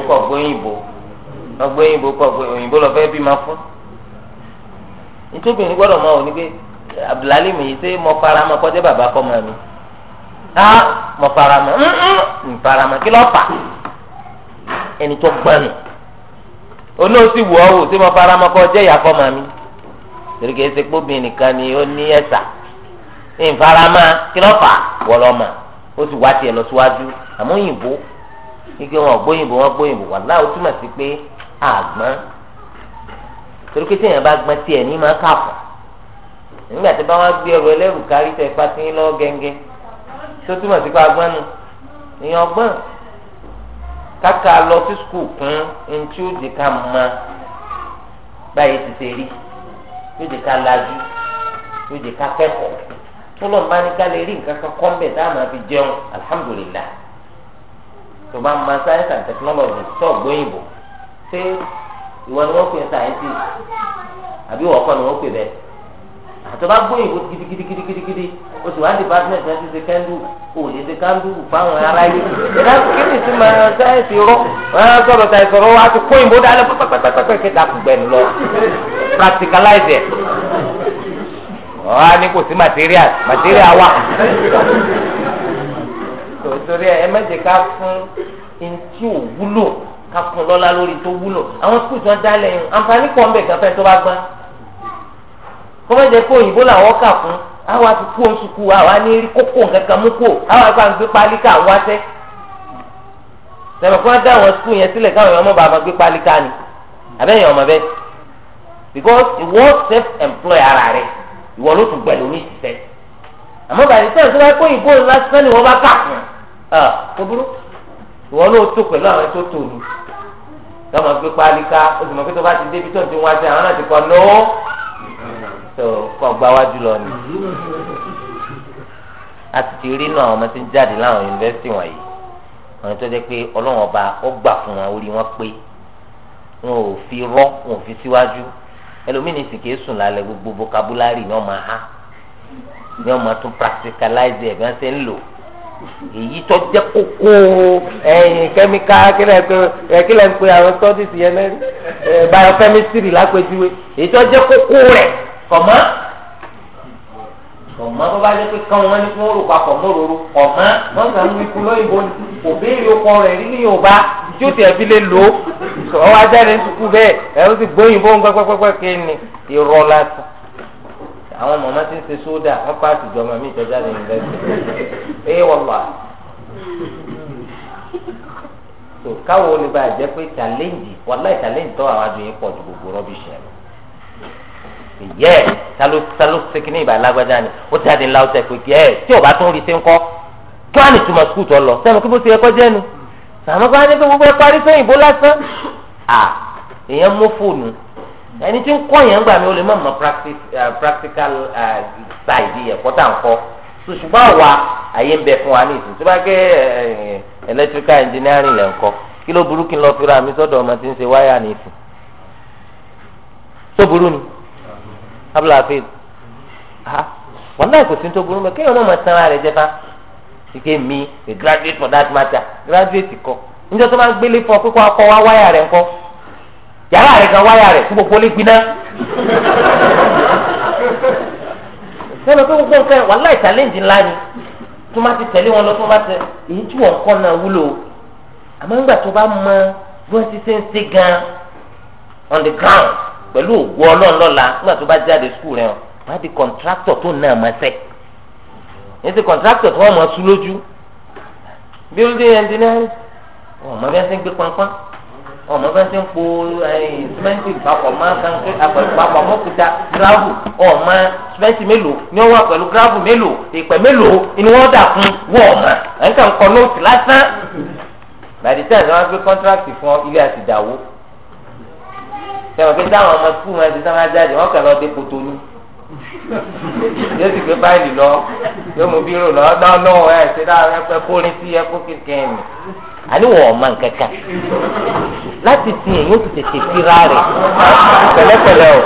ya gbóyìnbó ọgbóyìnbó kọ òyìnbó lọ fẹ́ bímọ fún nítòbìnrin gbọ́dọ̀ mọ̀ òní pé abdulhalim yìí ṣe mọ kọjá bàbá kọ mọ mi á mọ faramọ ń faramọ kí ló fà ẹni tó wù ọ́ wò ṣé mọ kọjá ìyá kọ mọ mi ṣe nìkan ni ó ní ẹ̀sà. ìfarama kìlọ́fà wọlọ́mà ó sì wá tiẹ̀ lọ síwájú àmọ́ òyìnbó ike wọn gbóyìnbó wọn gbóyìnbó wàlá ó túmọ̀ sí pé àgbọn torí pé téèyàn bá gbọ́n tiẹ̀ ní máa kàfọ̀ nígbà tí bá wọn gbé ọrọ̀ ẹlẹ́rù kárí tẹ ipá sí lọ́wọ́ gẹ́gẹ́ tó túmọ̀ sí pé àgbọn nu èèyàn gbọ́n káka lọ sí skul kún ntí ó di ká mọ báyìí ti ṣe rí ó di ká lajú ó di ká kẹ́kọ̀ọ́ tọ́lọ̀ bá ní ká lè rí nǹkan kan kọ́ńbẹ̀ tá a máa fi jẹun alhamdulillah tó bá máa science and technology tó gbóyìnbó ṣé ìwọ ni wọ́n pè scientist àbí ìwọ kọ́ ni wọ́n pè bẹ́ẹ̀ àtọ́bá gbóyìnbó gidigidigidigidi oṣù wa department náà ti ṣe kẹ́ndù kò lè ṣe kẹ́ndù fáwọn ará yìí ìdá kíni sí máa sáyẹ̀nsì rọ wọn sọ̀rọ̀ sáyẹ̀nsì rọ wa ti kóyìnbó dálẹ́ pẹ́pẹ́pẹ́pẹ́ kẹta gbẹ̀nu lọ practicalize it wọn ni ní kò sí material material wà torí ẹ mẹ́jẹ ká fún ntí ò wúlò ká fún lọ́lá lórí tó wúlò àwọn skul tí wọ́n dá lẹ́yìn àǹfààní pọ̀ ń bẹ̀ gan fẹ́ tó bá gbá kọ́mẹ́jẹ kó òyìnbó làwọn kà fún àwa ti kú oṣù kú àwa ní rí kókó nǹkan kan mú kó àwa gba gbé pálí ká wá sẹ́ sẹ́mi kí dá àwọn skul yẹn sílẹ̀ káwọn èèyàn mọ̀ gbé pálí ká ni àbẹ́yẹn ọmọ bẹ́ẹ̀ because ìwọ self employ ara rẹ̀ ìwọ ló tún gbẹlú mi ṣiṣẹ́ àmọ́ bàtí sẹ́yìn tó bá kó ìbò lásán ni wọ́n bá kà fún ọ tó burú ìwọ ló tó pẹ̀lú àwọn tó tó ni gbé páálí ká o sì mọ̀ pé tó bá ti dé ibi tó ń ti wá sí àwọn náà ti kọ́ lọ́wọ́ tó kọ́ gbá wájú lọ ni a ti rí inú àwọn ọmọ tí ń jáde láwọn yunifásitì wọ̀nyí àwọn tó jẹ́ pé ọlọ́wọ́n ọba ó gbà fún wọn orí wọn pé wọn ò fi rọ́ wọn ò fi síwájú. Si ẹlòmíì sì kìí sùn lálẹ́ gbogbo vocabulary ni wọ́n máa há ni wọ́n máa tún practicalize ẹ̀ bí wọ́n ṣe ń lò èyí tó jẹ́ kókó ẹ̀yìn kẹ́míkà kílẹ̀ kílẹ̀ ń pe àwọn studies yẹn lẹ́nu biochemistry lápẹjúwe èyí tó jẹ́ kókó rẹ̀ kọ̀mọ́ kọ̀mọ́ tó bá jẹ́ pé kán wọn ní kí wọ́n rò papọ̀ mọ́ roro kọ̀mọ́ wọ́n kàn ń wí kú lóyìnbó òbí ìlú kọ rẹ̀ nínú Yorùbá tí ó tiẹ̀ fi lè lò ó ọ wá jáde sukù bẹ́ẹ̀ ẹ ó sì gbóyìnbó ń pẹ́pẹ́pẹ́ kí ni irọ́ lásán àwọn mọ̀mọ́ ti ń ṣe sódà wọ́n pa àtijọ́ mọ̀ mí ìjọba ní yunifásitì ẹ wọ́n wà. so káwọn oníbà jẹ́ pé challenge wàláì challenge tọ́ àwọn adùn yìí pọ̀ ju gbogbo rọ́bìṣì ẹ̀ lọ. ìyẹ́ talo talo sekin ní ìbà alágbádá ni ó ti àdínlá ó tẹ̀ pé kí ẹ tí ò bá tún rí sí ń kọ́ kí wọ́n á nìtumọ̀ sukùl tó lọ sẹ́nu kí bó ti ẹ̀kọ́ jẹ́ àmọ́ kí wọ́n á ní pé gbogbo ẹ parí sẹ́yìn bó lásán à èèyàn mú fóònù ẹni tí ń kọ́ yẹn ń gbà mí ó lè má mọ practical side yẹn kọ́tà ń kọ́ ṣùgbọ́n àwa àyè ń bẹ fún wa ní ìsìn tó bá gé electrical engineering lẹ̀ ń kọ́ kí ló burú kí n lọ fira mi sọ́dọ̀ ọmọ tí ń ṣe wáyà ní ìsìn tó burú ni abúlé àfẹ́ wọn náà kò sí tó burú mẹ́ kéèyàn náà mọ̀ sanra rẹ̀ jẹ́ fáwọn. Sike mi a graduate for that matter graduate kọ níjọ tó máa gbélé fọ pé akọ wáyà rẹ ńkọ yàrá rẹ kan wáyà rẹ gbogbo lè gbiná. sọ́nà pé gbogbo nǹkan wàhálà ìtàlẹ́ǹdì ńlá ni tó máa ti tẹ̀lé wọn lọ tó máa tẹ èyí tí kọ́ náà wúlò àmọ́ nígbà tó bá mọ bí on the ground pẹ̀lú ògùn ọlọ́ọ̀lọ́la nígbà skul rẹ̀ wọ́n á di contractor tó ètò kọ̀ǹtrákítọ̀ tó wọ́n mọ̀ sún lójú building engineering wọ́n mọ̀ bí wọ́n ti ń gbé pọnpọ́n wọ́n mọ̀ bí wọ́n ti ń po simẹ́ntì papọ̀ mọ́ kankéré àpẹ̀lú papọ̀ mọ́kúta gravel wọ́n mọ̀ simẹ́ntì mélòó ni wọ́n wà pẹ̀lú gravel mélòó ìpẹ́ mélòó ni wọ́n dà fún wọ́n mọ̀ ẹ̀ńkà ń kọ́ nóòtù lásán bàdí tẹ́ ẹ̀ wọ́n gbé kọ́ńtrákítì fún ilé àtìdáwó tẹ̀wọ̀n pé táwọn ọmọ skul máa ti sáwọn ajáde wọ́n kàn lọ́ọ́ dé kótó ní yóò sì gbé báyìí lọ yóò mú bírò lọ lọ́nà ẹ̀ ṣe dáa ẹ̀pẹ́ kórin sí ẹ̀kọ́ kékeré mi. àníwọ̀ ọ̀ma nkankan láti fi èyí ó ti tètè síra rẹ̀ pẹ̀lẹ́pẹ̀lẹ́ o.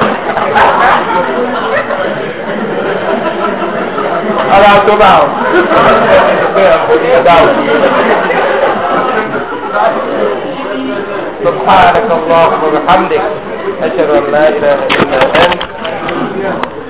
ọ̀rọ̀ àtọ́bà o pé ẹ̀kọ́ ni ẹ̀dá o. سبحانك اللهم وبحمدك أشهد أن لا إله إلا أنت